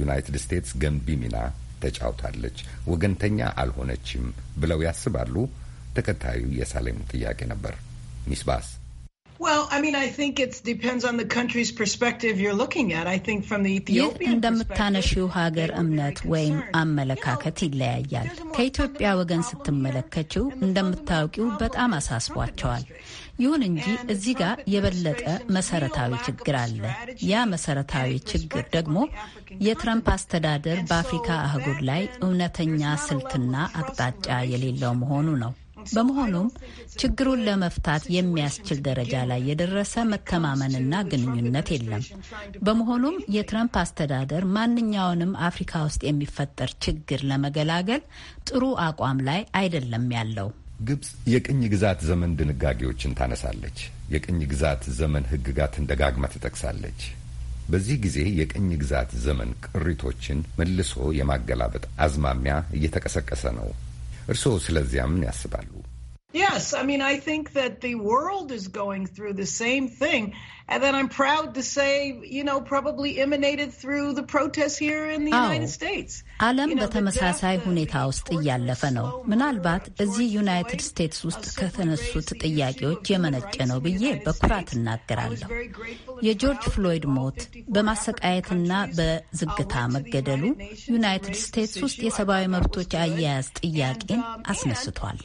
ዩናይትድ ስቴትስ ገንቢ ሚና ተጫውታለች፣ ወገንተኛ አልሆነችም ብለው ያስባሉ? ተከታዩ የሳሌም ጥያቄ ነበር። ሚስ ባስ ይህ እንደምታነሺው ሀገር እምነት ወይም አመለካከት ይለያያል። ከኢትዮጵያ ወገን ስትመለከችው እንደምታውቂው በጣም አሳስቧቸዋል። ይሁን እንጂ እዚህ ጋር የበለጠ መሰረታዊ ችግር አለ። ያ መሰረታዊ ችግር ደግሞ የትረምፕ አስተዳደር በአፍሪካ አህጉር ላይ እውነተኛ ስልትና አቅጣጫ የሌለው መሆኑ ነው። በመሆኑም ችግሩን ለመፍታት የሚያስችል ደረጃ ላይ የደረሰ መተማመንና ግንኙነት የለም። በመሆኑም የትረምፕ አስተዳደር ማንኛውንም አፍሪካ ውስጥ የሚፈጠር ችግር ለመገላገል ጥሩ አቋም ላይ አይደለም ያለው። ግብጽ የቅኝ ግዛት ዘመን ድንጋጌዎችን ታነሳለች። የቅኝ ግዛት ዘመን ሕግጋትን ደጋግማ ትጠቅሳለች። በዚህ ጊዜ የቅኝ ግዛት ዘመን ቅሪቶችን መልሶ የማገላበጥ አዝማሚያ እየተቀሰቀሰ ነው። እርስዎ ምን ያስባሉ? Yes, I mean, I think that the world is going through the same thing, and then I'm proud to say, you know, probably emanated through the protests here in the United States. ዓለም በተመሳሳይ ሁኔታ ውስጥ እያለፈ ነው። ምናልባት እዚህ ዩናይትድ ስቴትስ ውስጥ ከተነሱት ጥያቄዎች የመነጨ ነው ብዬ በኩራት እናገራለሁ። የጆርጅ ፍሎይድ ሞት፣ በማሰቃየትና በዝግታ መገደሉ ዩናይትድ ስቴትስ ውስጥ የሰብአዊ መብቶች አያያዝ ጥያቄን um, አስነስቷል።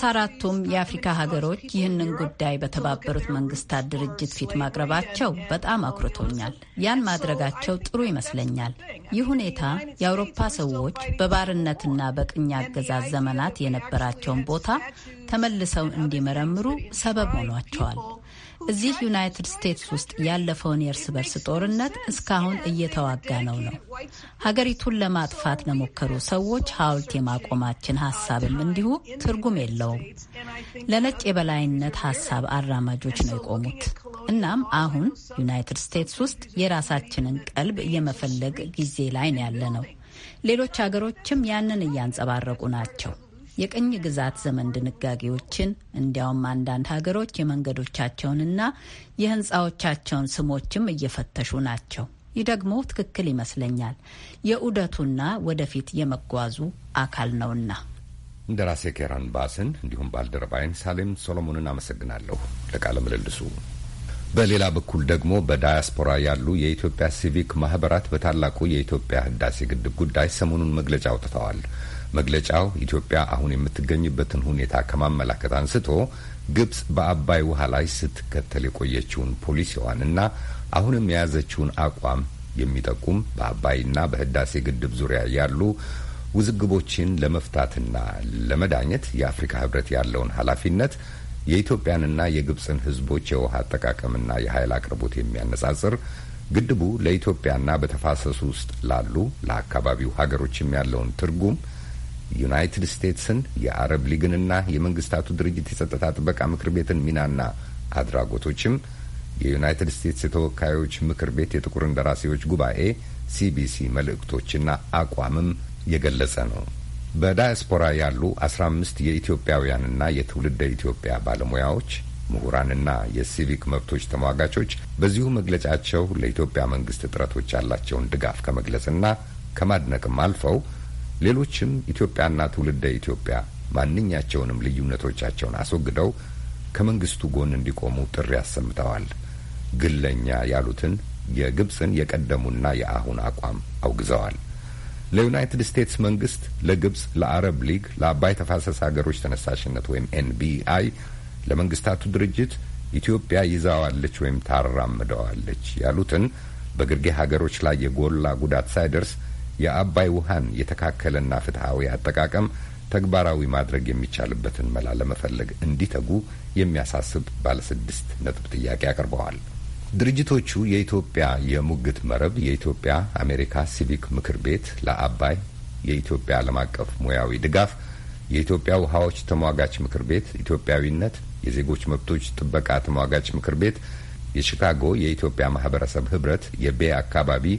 ሀምሳ አራቱም የአፍሪካ ሀገሮች ይህንን ጉዳይ በተባበሩት መንግስታት ድርጅት ፊት ማቅረባቸው በጣም አኩርቶኛል። ያን ማድረጋቸው ጥሩ ይመስለኛል። ይህ ሁኔታ የአውሮፓ ሰዎች በባርነትና በቅኝ አገዛዝ ዘመናት የነበራቸውን ቦታ ተመልሰው እንዲመረምሩ ሰበብ ሆኗቸዋል። እዚህ ዩናይትድ ስቴትስ ውስጥ ያለፈውን የእርስ በርስ ጦርነት እስካሁን እየተዋጋ ነው ነው ሀገሪቱን ለማጥፋት ለሞከሩ ሰዎች ሐውልት የማቆማችን ሀሳብም እንዲሁ ትርጉም የለውም። ለነጭ የበላይነት ሀሳብ አራማጆች ነው የቆሙት። እናም አሁን ዩናይትድ ስቴትስ ውስጥ የራሳችንን ቀልብ የመፈለግ ጊዜ ላይ ያለ ነው። ሌሎች ሀገሮችም ያንን እያንጸባረቁ ናቸው። የቅኝ ግዛት ዘመን ድንጋጌዎችን እንዲያውም አንዳንድ ሀገሮች የመንገዶቻቸውንና የህንፃዎቻቸውን ስሞችም እየፈተሹ ናቸው። ይህ ደግሞ ትክክል ይመስለኛል፣ የዑደቱና ወደፊት የመጓዙ አካል ነውና። እንደራሴ ኬራን ባስን እንዲሁም ባልደረባይን ሳሌም ሶሎሞንን አመሰግናለሁ ለቃለ ምልልሱ። በሌላ በኩል ደግሞ በዳያስፖራ ያሉ የኢትዮጵያ ሲቪክ ማህበራት በታላቁ የኢትዮጵያ ህዳሴ ግድብ ጉዳይ ሰሞኑን መግለጫ አውጥተዋል። መግለጫው ኢትዮጵያ አሁን የምትገኝበትን ሁኔታ ከማመላከት አንስቶ ግብጽ በአባይ ውሃ ላይ ስትከተል የቆየችውን ፖሊሲዋንና አሁንም የያዘችውን አቋም የሚጠቁም በአባይና በህዳሴ ግድብ ዙሪያ ያሉ ውዝግቦችን ለመፍታትና ለመዳኘት የአፍሪካ ህብረት ያለውን ኃላፊነት የኢትዮጵያንና የግብጽን ህዝቦች የውሃ አጠቃቀምና የኃይል አቅርቦት የሚያነጻጽር ግድቡ ለኢትዮጵያና በተፋሰሱ ውስጥ ላሉ ለአካባቢው ሀገሮችም ያለውን ትርጉም ዩናይትድ ስቴትስን የአረብ ሊግንና የመንግስታቱ ድርጅት የጸጥታ ጥበቃ ምክር ቤትን ሚናና አድራጎቶችም የዩናይትድ ስቴትስ የተወካዮች ምክር ቤት የጥቁር እንደራሴዎች ጉባኤ ሲቢሲ መልእክቶችና አቋምም የገለጸ ነው። በዳያስፖራ ያሉ አስራ አምስት የኢትዮጵያውያንና የትውልደ ኢትዮጵያ ባለሙያዎች ምሁራንና የሲቪክ መብቶች ተሟጋቾች በዚሁ መግለጫቸው ለኢትዮጵያ መንግስት ጥረቶች ያላቸውን ድጋፍ ከመግለጽና ከማድነቅም አልፈው ሌሎችም ኢትዮጵያና ትውልደ ኢትዮጵያ ማንኛቸውንም ልዩነቶቻቸውን አስወግደው ከመንግስቱ ጎን እንዲቆሙ ጥሪ አሰምተዋል። ግለኛ ያሉትን የግብፅን የቀደሙና የአሁን አቋም አውግዘዋል። ለዩናይትድ ስቴትስ መንግስት፣ ለግብፅ፣ ለአረብ ሊግ፣ ለአባይ ተፋሰስ ሀገሮች ተነሳሽነት ወይም ኤንቢአይ፣ ለመንግስታቱ ድርጅት ኢትዮጵያ ይዛዋለች ወይም ታራምደዋለች ያሉትን በግርጌ ሀገሮች ላይ የጎላ ጉዳት ሳይደርስ የአባይ ውሃን የተካከለና ፍትሐዊ አጠቃቀም ተግባራዊ ማድረግ የሚቻልበትን መላ ለመፈለግ እንዲተጉ የሚያሳስብ ባለስድስት ነጥብ ጥያቄ አቅርበዋል። ድርጅቶቹ የኢትዮጵያ የሙግት መረብ፣ የኢትዮጵያ አሜሪካ ሲቪክ ምክር ቤት ለአባይ፣ የኢትዮጵያ ዓለም አቀፍ ሙያዊ ድጋፍ፣ የኢትዮጵያ ውሃዎች ተሟጋች ምክር ቤት፣ ኢትዮጵያዊነት የዜጎች መብቶች ጥበቃ ተሟጋች ምክር ቤት፣ የቺካጎ የኢትዮጵያ ማህበረሰብ ህብረት የቤ አካባቢ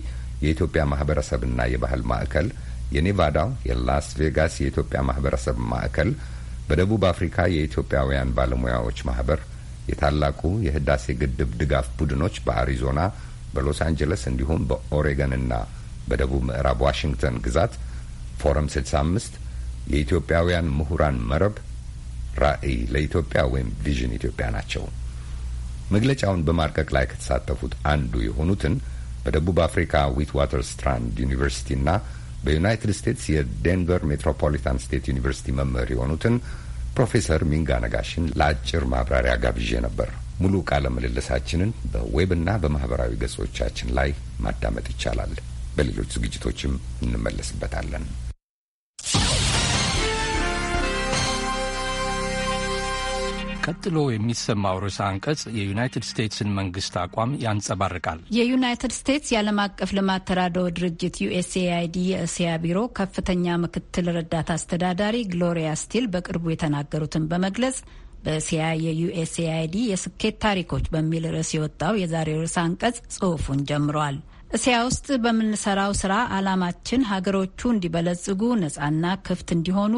የኢትዮጵያ ማህበረሰብና የባህል ማዕከል፣ የኔቫዳው የላስ ቬጋስ የኢትዮጵያ ማህበረሰብ ማዕከል፣ በደቡብ አፍሪካ የኢትዮጵያውያን ባለሙያዎች ማህበር፣ የታላቁ የህዳሴ ግድብ ድጋፍ ቡድኖች በአሪዞና፣ በሎስ አንጀለስ እንዲሁም በኦሬገንና በደቡብ ምዕራብ ዋሽንግተን ግዛት፣ ፎረም 65 የኢትዮጵያውያን ምሁራን መረብ፣ ራዕይ ለኢትዮጵያ ወይም ቪዥን ኢትዮጵያ ናቸው። መግለጫውን በማርቀቅ ላይ ከተሳተፉት አንዱ የሆኑትን በደቡብ አፍሪካ ዊት ዋተር ስትራንድ ና በዩናይትድ ስቴትስ የዴንቨር ሜትሮፖሊታን ስቴት ዩኒቨርሲቲ መምህር የሆኑትን ፕሮፌሰር ሚንጋ ነጋሽን ለአጭር ማብራሪያ ጋብዤ ነበር። ሙሉ ቃለ ምልልሳችንን በዌብና በማህበራዊ ገጾቻችን ላይ ማዳመጥ ይቻላል። በሌሎች ዝግጅቶችም እንመለስበታለን። ቀጥሎ የሚሰማው ርዕሰ አንቀጽ የዩናይትድ ስቴትስን መንግስት አቋም ያንጸባርቃል። የዩናይትድ ስቴትስ የዓለም አቀፍ ልማት ተራድኦ ድርጅት ዩኤስኤአይዲ የእስያ ቢሮ ከፍተኛ ምክትል ረዳት አስተዳዳሪ ግሎሪያ ስቲል በቅርቡ የተናገሩትን በመግለጽ በእስያ የዩኤስኤአይዲ የስኬት ታሪኮች በሚል ርዕስ የወጣው የዛሬው ርዕሰ አንቀጽ ጽሑፉን ጀምሯል። እስያ ውስጥ በምንሰራው ስራ አላማችን ሀገሮቹ እንዲበለጽጉ፣ ነጻና ክፍት እንዲሆኑ፣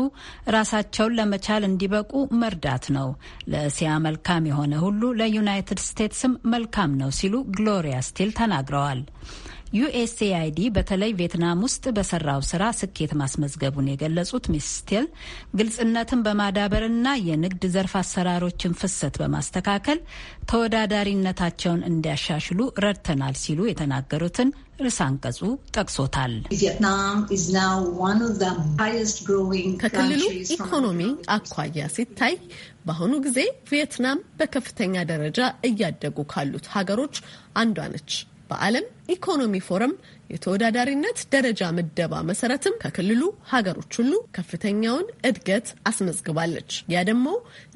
ራሳቸውን ለመቻል እንዲበቁ መርዳት ነው። ለእስያ መልካም የሆነ ሁሉ ለዩናይትድ ስቴትስም መልካም ነው ሲሉ ግሎሪያ ስቲል ተናግረዋል። ዩኤስኤአይዲ በተለይ ቪየትናም ውስጥ በሰራው ስራ ስኬት ማስመዝገቡን የገለጹት ሚስቴል ግልጽነትን በማዳበርና የንግድ ዘርፍ አሰራሮችን ፍሰት በማስተካከል ተወዳዳሪነታቸውን እንዲያሻሽሉ ረድተናል ሲሉ የተናገሩትን ርዕሰ አንቀጹ ጠቅሶታል። ከክልሉ ኢኮኖሚ አኳያ ሲታይ በአሁኑ ጊዜ ቪየትናም በከፍተኛ ደረጃ እያደጉ ካሉት ሀገሮች አንዷ ነች። በዓለም ኢኮኖሚ ፎረም የተወዳዳሪነት ደረጃ ምደባ መሰረትም ከክልሉ ሀገሮች ሁሉ ከፍተኛውን እድገት አስመዝግባለች። ያ ደግሞ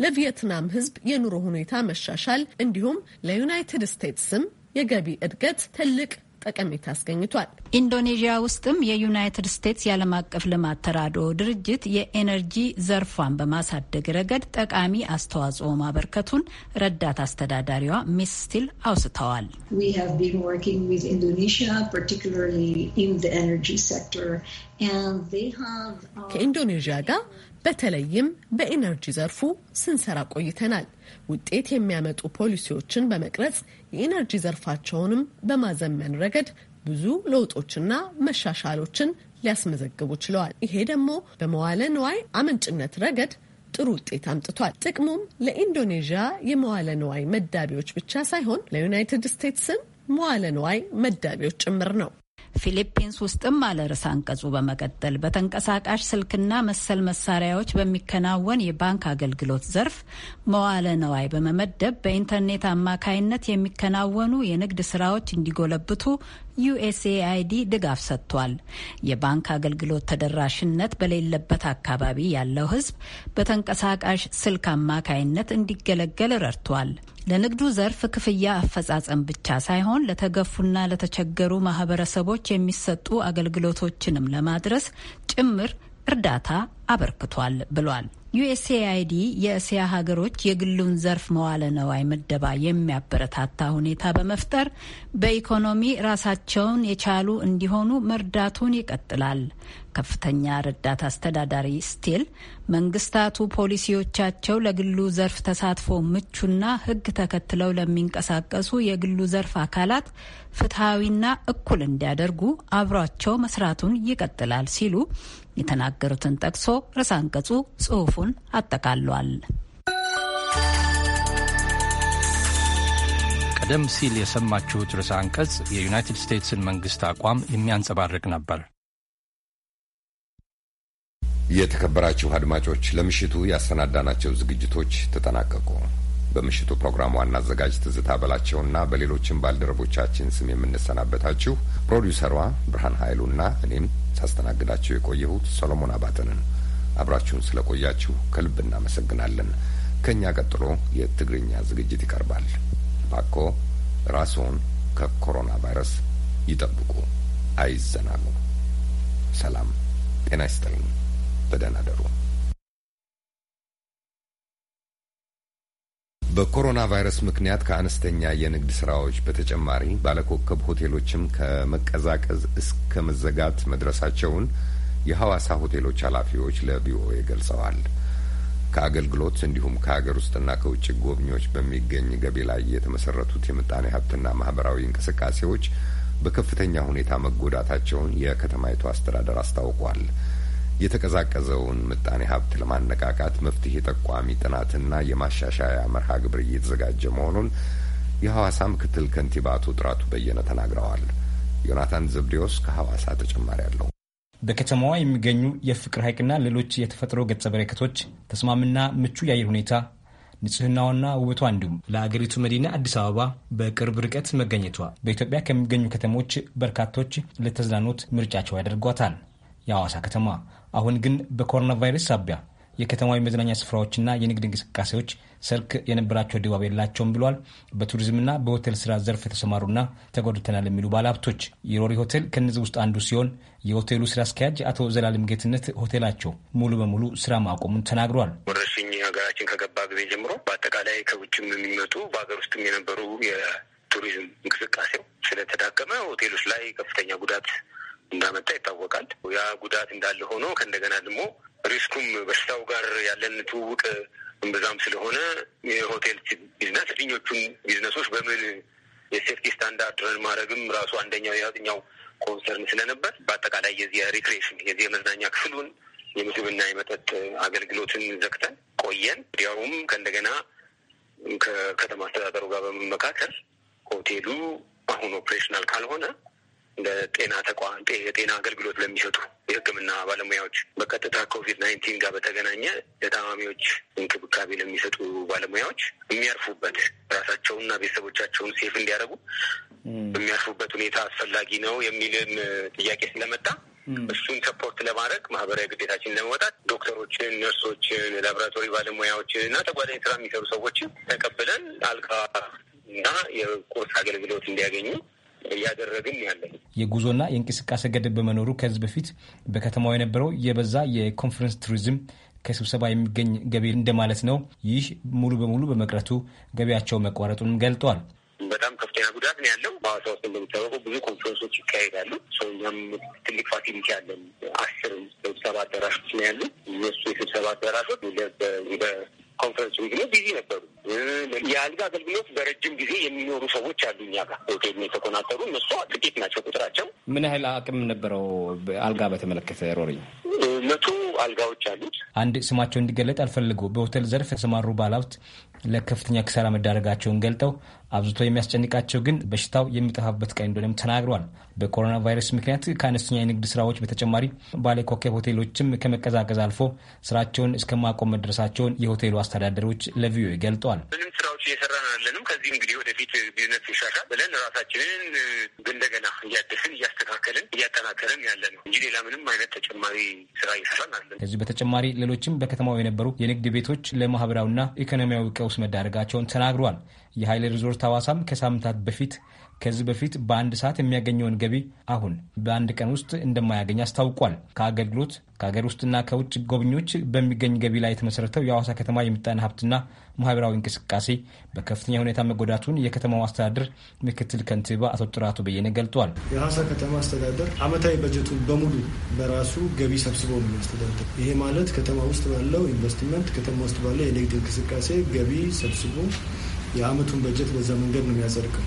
ለቪየትናም ሕዝብ የኑሮ ሁኔታ መሻሻል እንዲሁም ለዩናይትድ ስቴትስም የገቢ እድገት ትልቅ ጠቀሜታ አስገኝቷል። ኢንዶኔዥያ ውስጥም የዩናይትድ ስቴትስ የዓለም አቀፍ ልማት ተራድኦ ድርጅት የኤነርጂ ዘርፏን በማሳደግ ረገድ ጠቃሚ አስተዋጽኦ ማበርከቱን ረዳት አስተዳዳሪዋ ሚስ ስቲል አውስተዋል። uh, ከኢንዶኔዥያ ጋር በተለይም በኤነርጂ ዘርፉ ስንሰራ ቆይተናል። ውጤት የሚያመጡ ፖሊሲዎችን በመቅረጽ የኢነርጂ ዘርፋቸውንም በማዘመን ረገድ ብዙ ለውጦችና መሻሻሎችን ሊያስመዘግቡ ችለዋል። ይሄ ደግሞ በመዋለ ንዋይ አመንጭነት ረገድ ጥሩ ውጤት አምጥቷል። ጥቅሙም ለኢንዶኔዥያ የመዋለ ንዋይ መዳቢዎች ብቻ ሳይሆን ለዩናይትድ ስቴትስም መዋለ ንዋይ መዳቢዎች ጭምር ነው። ፊሊፒንስ ውስጥም አለ ርዕሰ አንቀጹ በመቀጠል በተንቀሳቃሽ ስልክና መሰል መሳሪያዎች በሚከናወን የባንክ አገልግሎት ዘርፍ መዋለ ነዋይ በመመደብ በኢንተርኔት አማካይነት የሚከናወኑ የንግድ ስራዎች እንዲጎለብቱ ዩኤስኤአይዲ ድጋፍ ሰጥቷል። የባንክ አገልግሎት ተደራሽነት በሌለበት አካባቢ ያለው ሕዝብ በተንቀሳቃሽ ስልክ አማካይነት እንዲገለገል ረድቷል። ለንግዱ ዘርፍ ክፍያ አፈጻጸም ብቻ ሳይሆን ለተገፉና ለተቸገሩ ማህበረሰቦች የሚሰጡ አገልግሎቶችንም ለማድረስ ጭምር እርዳታ አበርክቷል ብሏል። ዩኤስኤአይዲ የእስያ ሀገሮች የግሉን ዘርፍ መዋለ ነዋይ ምደባ የሚያበረታታ ሁኔታ በመፍጠር በኢኮኖሚ ራሳቸውን የቻሉ እንዲሆኑ መርዳቱን ይቀጥላል። ከፍተኛ ረዳት አስተዳዳሪ ስቲል መንግስታቱ ፖሊሲዎቻቸው ለግሉ ዘርፍ ተሳትፎ ምቹና ሕግ ተከትለው ለሚንቀሳቀሱ የግሉ ዘርፍ አካላት ፍትሐዊና እኩል እንዲያደርጉ አብሯቸው መስራቱን ይቀጥላል ሲሉ የተናገሩትን ጠቅሶ ርዕሰ አንቀጹ ጽሑፉን አጠቃሏል። ቀደም ሲል የሰማችሁት ርዕሰ አንቀጽ የዩናይትድ ስቴትስን መንግሥት አቋም የሚያንጸባርቅ ነበር። የተከበራችሁ አድማጮች ለምሽቱ ያሰናዳናቸው ዝግጅቶች ተጠናቀቁ። በምሽቱ ፕሮግራም ዋና አዘጋጅ ትዝታ በላቸውና በሌሎችም ባልደረቦቻችን ስም የምንሰናበታችሁ ፕሮዲውሰሯ ብርሃን ኃይሉና እኔም ሳስተናግዳቸው የቆየሁት ሰሎሞን አባተንን አብራችሁን ስለቆያችሁ ከልብ እናመሰግናለን። ከእኛ ቀጥሎ የትግርኛ ዝግጅት ይቀርባል። ባኮ ራስዎን ከኮሮና ቫይረስ ይጠብቁ፣ አይዘናሉ። ሰላም ጤና ይስጥልን። በደህና ደሩ። በኮሮና ቫይረስ ምክንያት ከአነስተኛ የንግድ ስራዎች በተጨማሪ ባለኮከብ ሆቴሎችም ከመቀዛቀዝ እስከ መዘጋት መድረሳቸውን የሐዋሳ ሆቴሎች ኃላፊዎች ለቪኦኤ ገልጸዋል። ከአገልግሎት እንዲሁም ከሀገር ውስጥና ከውጭ ጎብኚዎች በሚገኝ ገቢ ላይ የተመሰረቱት የምጣኔ ሀብትና ማህበራዊ እንቅስቃሴዎች በከፍተኛ ሁኔታ መጎዳታቸውን የከተማይቱ አስተዳደር አስታውቋል። የተቀዛቀዘውን ምጣኔ ሀብት ለማነቃቃት መፍትሄ ጠቋሚ ጥናትና የማሻሻያ መርሃ ግብር እየተዘጋጀ መሆኑን የሐዋሳ ምክትል ከንቲባ አቶ ጥራቱ በየነ ተናግረዋል። ዮናታን ዘብዴዎስ ከሐዋሳ ተጨማሪ አለው። በከተማዋ የሚገኙ የፍቅር ሐይቅና ሌሎች የተፈጥሮ ገጸ በረከቶች ተስማሚና ምቹ የአየር ሁኔታ ንጽህናዋና ውበቷ እንዲሁም ለአገሪቱ መዲና አዲስ አበባ በቅርብ ርቀት መገኘቷ በኢትዮጵያ ከሚገኙ ከተሞች በርካቶች ለተዝናኖት ምርጫቸው ያደርጓታል። የሐዋሳ ከተማ አሁን ግን በኮሮና ቫይረስ ሳቢያ የከተማዊ መዝናኛ ስፍራዎችና የንግድ እንቅስቃሴዎች ሰርክ የነበራቸው ድባብ የላቸውም ብሏል። በቱሪዝምና በሆቴል ስራ ዘርፍ የተሰማሩና ተጎድተናል የሚሉ ባለሀብቶች የሮሪ ሆቴል ከነዚህ ውስጥ አንዱ ሲሆን የሆቴሉ ስራ አስኪያጅ አቶ ዘላለም ጌትነት ሆቴላቸው ሙሉ በሙሉ ስራ ማቆሙን ተናግሯል። ወረርሽኝ ሀገራችን ከገባ ጊዜ ጀምሮ በአጠቃላይ ከውጭም የሚመጡ በሀገር ውስጥም የነበሩ የቱሪዝም እንቅስቃሴው ስለተዳከመ ሆቴሎች ላይ ከፍተኛ ጉዳት እንዳመጣ ይታወቃል። ያ ጉዳት እንዳለ ሆኖ ከእንደገና ደግሞ ሪስኩም በሽታው ጋር ያለን ትውውቅ እምብዛም ስለሆነ የሆቴል ቢዝነስ የትኞቹን ቢዝነሶች በምን የሴፍቲ ስታንዳርድ ረን ማድረግም ራሱ አንደኛው የያዝኛው ኮንሰርን ስለነበር በአጠቃላይ የዚህ የሪክሬሽን የዚህ የመዝናኛ ክፍሉን የምግብና የመጠጥ አገልግሎትን ዘግተን ቆየን። እንዲያውም ከእንደገና ከከተማ አስተዳደሩ ጋር በመመካከል ሆቴሉ አሁን ኦፕሬሽናል ካልሆነ እንደ ጤና ተቋም የጤና አገልግሎት ለሚሰጡ የሕክምና ባለሙያዎች በቀጥታ ኮቪድ ናይንቲን ጋር በተገናኘ ለታማሚዎች እንክብካቤ ለሚሰጡ ባለሙያዎች የሚያርፉበት ራሳቸውንና ቤተሰቦቻቸውን ሴፍ እንዲያደርጉ የሚያርፉበት ሁኔታ አስፈላጊ ነው የሚልም ጥያቄ ስለመጣ እሱን ሰፖርት ለማድረግ ማህበራዊ ግዴታችን ለመወጣት ዶክተሮችን፣ ነርሶችን፣ ላቦራቶሪ ባለሙያዎችን እና ተጓዳኝ ስራ የሚሰሩ ሰዎችን ተቀብለን አልጋ እና የቁርስ አገልግሎት እንዲያገኙ እያደረግን ያለን። የጉዞና የእንቅስቃሴ ገደብ በመኖሩ ከዚህ በፊት በከተማው የነበረው የበዛ የኮንፈረንስ ቱሪዝም ከስብሰባ የሚገኝ ገቢ እንደማለት ነው። ይህ ሙሉ በሙሉ በመቅረቱ ገቢያቸው መቋረጡን ገልጧል። በጣም ከፍተኛ ጉዳት ነው ያለው። በሐዋሳ ውስጥ እንደሚታወቀው ብዙ ኮንፈረንሶች ይካሄዳሉ። ሰውኛም ትልቅ ፋሲሊቲ ያለን አስር ስብሰባ አዳራሾች ነው ያሉ። እነሱ የስብሰባ አዳራሾች ኮንፈረንስ ዊክ ነው፣ ቢዚ ነበሩ። የአልጋ አገልግሎት በረጅም ጊዜ የሚኖሩ ሰዎች አሉ እኛ ጋር ሆቴል የተቆናጠሩ እነሱ ጥቂት ናቸው ቁጥራቸው። ምን ያህል አቅም ነበረው አልጋ በተመለከተ ሮሪ? መቶ አልጋዎች አሉት። አንድ ስማቸው እንዲገለጥ አልፈልጉ በሆቴል ዘርፍ የተሰማሩ ባለሀብት ለከፍተኛ ኪሳራ መዳረጋቸውን ገልጠው አብዝቶ የሚያስጨንቃቸው ግን በሽታው የሚጠፋበት ቀን እንደሆነም ተናግሯል። በኮሮና ቫይረስ ምክንያት ከአነስተኛ የንግድ ስራዎች በተጨማሪ ባለ ሆቴሎችም ከመቀዛቀዝ አልፎ ስራቸውን እስከ ማቆም መድረሳቸውን የሆቴሉ አስተዳደሮች ለቪኦኤ ገልጠዋል። ምንም ስራዎች እየሰራን አለንም። ከዚህ እንግዲህ ወደፊት ቢዝነስ ይሻሻል ብለን ራሳችንን እንደገና እያደስን እያስተካከልን እያጠናከርን ያለ ነው እንጂ ሌላ ምንም አይነት ተጨማሪ ስራ እየሰራን አለን። ከዚህ በተጨማሪ ሌሎችም በከተማው የነበሩ የንግድ ቤቶች ለማህበራዊና ኢኮኖሚያዊ ቀውስ መዳረጋቸውን ተናግረዋል። የኃይሌ ሪዞርት ሐዋሳም ከሳምንታት በፊት ከዚህ በፊት በአንድ ሰዓት የሚያገኘውን ገቢ አሁን በአንድ ቀን ውስጥ እንደማያገኝ አስታውቋል። ከአገልግሎት ከሀገር ውስጥና ከውጭ ጎብኚዎች በሚገኝ ገቢ ላይ የተመሰረተው የሐዋሳ ከተማ የምጣኔ ሀብትና ማህበራዊ እንቅስቃሴ በከፍተኛ ሁኔታ መጎዳቱን የከተማው አስተዳደር ምክትል ከንቲባ አቶ ጥራቱ በየነ ገልጧል። የሐዋሳ ከተማ አስተዳደር ዓመታዊ በጀቱ በሙሉ በራሱ ገቢ ሰብስቦ ነው የሚያስተዳድር። ይሄ ማለት ከተማ ውስጥ ባለው ኢንቨስትመንት፣ ከተማ ውስጥ ባለው የንግድ እንቅስቃሴ ገቢ ሰብስቦ የአመቱን በጀት በዛ መንገድ ነው የሚያጸድቀው።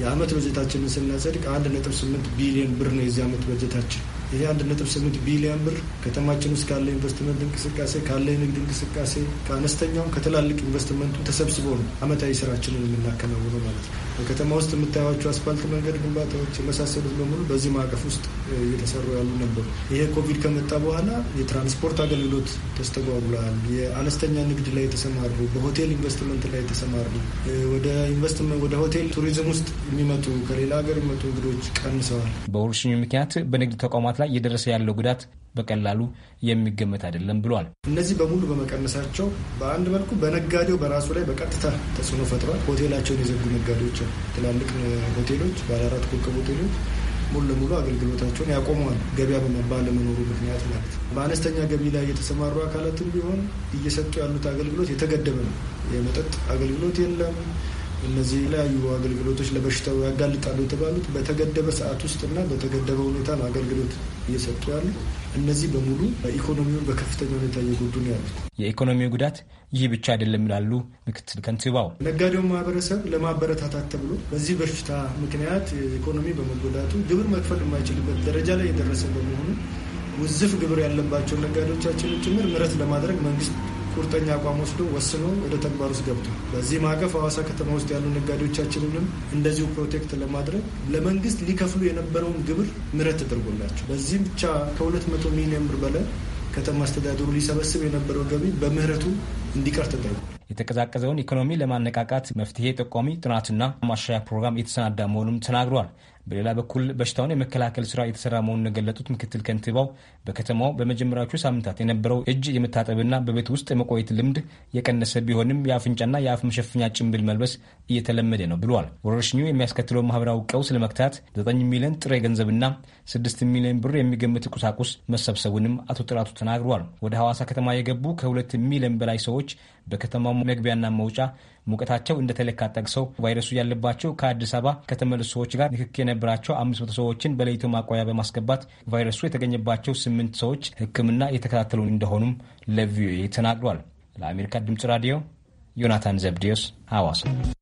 የአመት በጀታችንን ስናጸድቅ አንድ ነጥብ ስምንት ቢሊዮን ብር ነው የዚህ አመት በጀታችን። ይህ አንድ ነጥብ ስምንት ቢሊዮን ብር ከተማችን ውስጥ ካለ ኢንቨስትመንት እንቅስቃሴ ካለ የንግድ እንቅስቃሴ ከአነስተኛውም ከትላልቅ ኢንቨስትመንቱ ተሰብስቦ ነው አመታዊ ስራችንን የምናከናውነው ማለት ነው። በከተማ ውስጥ የምታያቸው አስፋልት መንገድ ግንባታዎች የመሳሰሉት በሙሉ በዚህ ማዕቀፍ ውስጥ እየተሰሩ ያሉ ነበሩ። ይሄ ኮቪድ ከመጣ በኋላ የትራንስፖርት አገልግሎት ተስተጓጉሏል። የአነስተኛ ንግድ ላይ የተሰማሩ በሆቴል ኢንቨስትመንት ላይ የተሰማሩ ወደ ኢንቨስትመንት ወደ ሆቴል ቱሪዝም ውስጥ የሚመጡ ከሌላ ሀገር የሚመጡ እንግዶች ቀንሰዋል። በወረርሽኙ ምክንያት በንግድ ተቋማት ላይ እየደረሰ ያለው ጉዳት በቀላሉ የሚገመት አይደለም ብሏል። እነዚህ በሙሉ በመቀነሳቸው በአንድ መልኩ በነጋዴው በራሱ ላይ በቀጥታ ተጽዕኖ ፈጥሯል። ሆቴላቸውን የዘጉ ነጋዴዎች፣ ትላልቅ ሆቴሎች፣ ባለአራት ኮከብ ሆቴሎች ሙሉ ለሙሉ አገልግሎታቸውን ያቆመዋል። ገበያ ለመኖሩ ምክንያት ማለት ነው። በአነስተኛ ገቢ ላይ የተሰማሩ አካላትም ቢሆን እየሰጡ ያሉት አገልግሎት የተገደበ ነው። የመጠጥ አገልግሎት የለም። እነዚህ የተለያዩ አገልግሎቶች ለበሽታው ያጋልጣሉ የተባሉት በተገደበ ሰዓት ውስጥ እና በተገደበ ሁኔታ ነው አገልግሎት እየሰጡ ያሉ። እነዚህ በሙሉ ኢኮኖሚውን በከፍተኛ ሁኔታ እየጎዱ ነው ያሉት። የኢኮኖሚው ጉዳት ይህ ብቻ አይደለም ይላሉ ምክትል ከንቲባው። ነጋዴው ማህበረሰብ ለማበረታታት ተብሎ በዚህ በሽታ ምክንያት ኢኮኖሚ በመጎዳቱ ግብር መክፈል የማይችልበት ደረጃ ላይ የደረሰ በመሆኑ ውዝፍ ግብር ያለባቸው ነጋዴዎቻችን ጭምር ምረት ለማድረግ መንግስት ቁርጠኛ አቋም ወስዶ ወስኖ ወደ ተግባር ውስጥ ገብቷል። በዚህ ማዕቀፍ ሐዋሳ ከተማ ውስጥ ያሉ ነጋዴዎቻችንንም እንደዚሁ ፕሮቴክት ለማድረግ ለመንግስት ሊከፍሉ የነበረውን ግብር ምህረት ተደርጎላቸው በዚህም ብቻ ከ200 ሚሊዮን ብር በላይ ከተማ አስተዳደሩ ሊሰበስብ የነበረው ገቢ በምህረቱ እንዲቀር ተደርጓል። የተቀዛቀዘውን ኢኮኖሚ ለማነቃቃት መፍትሄ ጠቋሚ ጥናትና ማሻሻያ ፕሮግራም የተሰናዳ መሆኑም ተናግሯል። በሌላ በኩል በሽታውን የመከላከል ስራ የተሰራ መሆኑን የገለጡት ምክትል ከንቲባው በከተማው በመጀመሪያዎቹ ሳምንታት የነበረው እጅ የመታጠብና በቤት ውስጥ የመቆየት ልምድ የቀነሰ ቢሆንም የአፍንጫና የአፍ መሸፈኛ ጭንብል መልበስ እየተለመደ ነው ብሏል። ወረርሽኙ የሚያስከትለው ማህበራዊ ቀውስ ለመክታት 9 ሚሊዮን ጥሬ ገንዘብና 6 ሚሊዮን ብር የሚገምት ቁሳቁስ መሰብሰቡንም አቶ ጥራቱ ተናግሯል። ወደ ሐዋሳ ከተማ የገቡ ከሁለት ሚሊዮን በላይ ሰዎች በከተማው መግቢያና መውጫ ሙቀታቸው እንደተለካ ጠቅሰው ቫይረሱ ያለባቸው ከአዲስ አበባ ከተመለሱ ሰዎች ጋር ንክክ የነበራቸው አምስት መቶ ሰዎችን በለይቶ ማቆያ በማስገባት ቫይረሱ የተገኘባቸው ስምንት ሰዎች ሕክምና የተከታተሉ እንደሆኑም ለቪኦኤ ተናግሯል። ለአሜሪካ ድምጽ ራዲዮ ዮናታን ዘብዲዮስ ሐዋሳ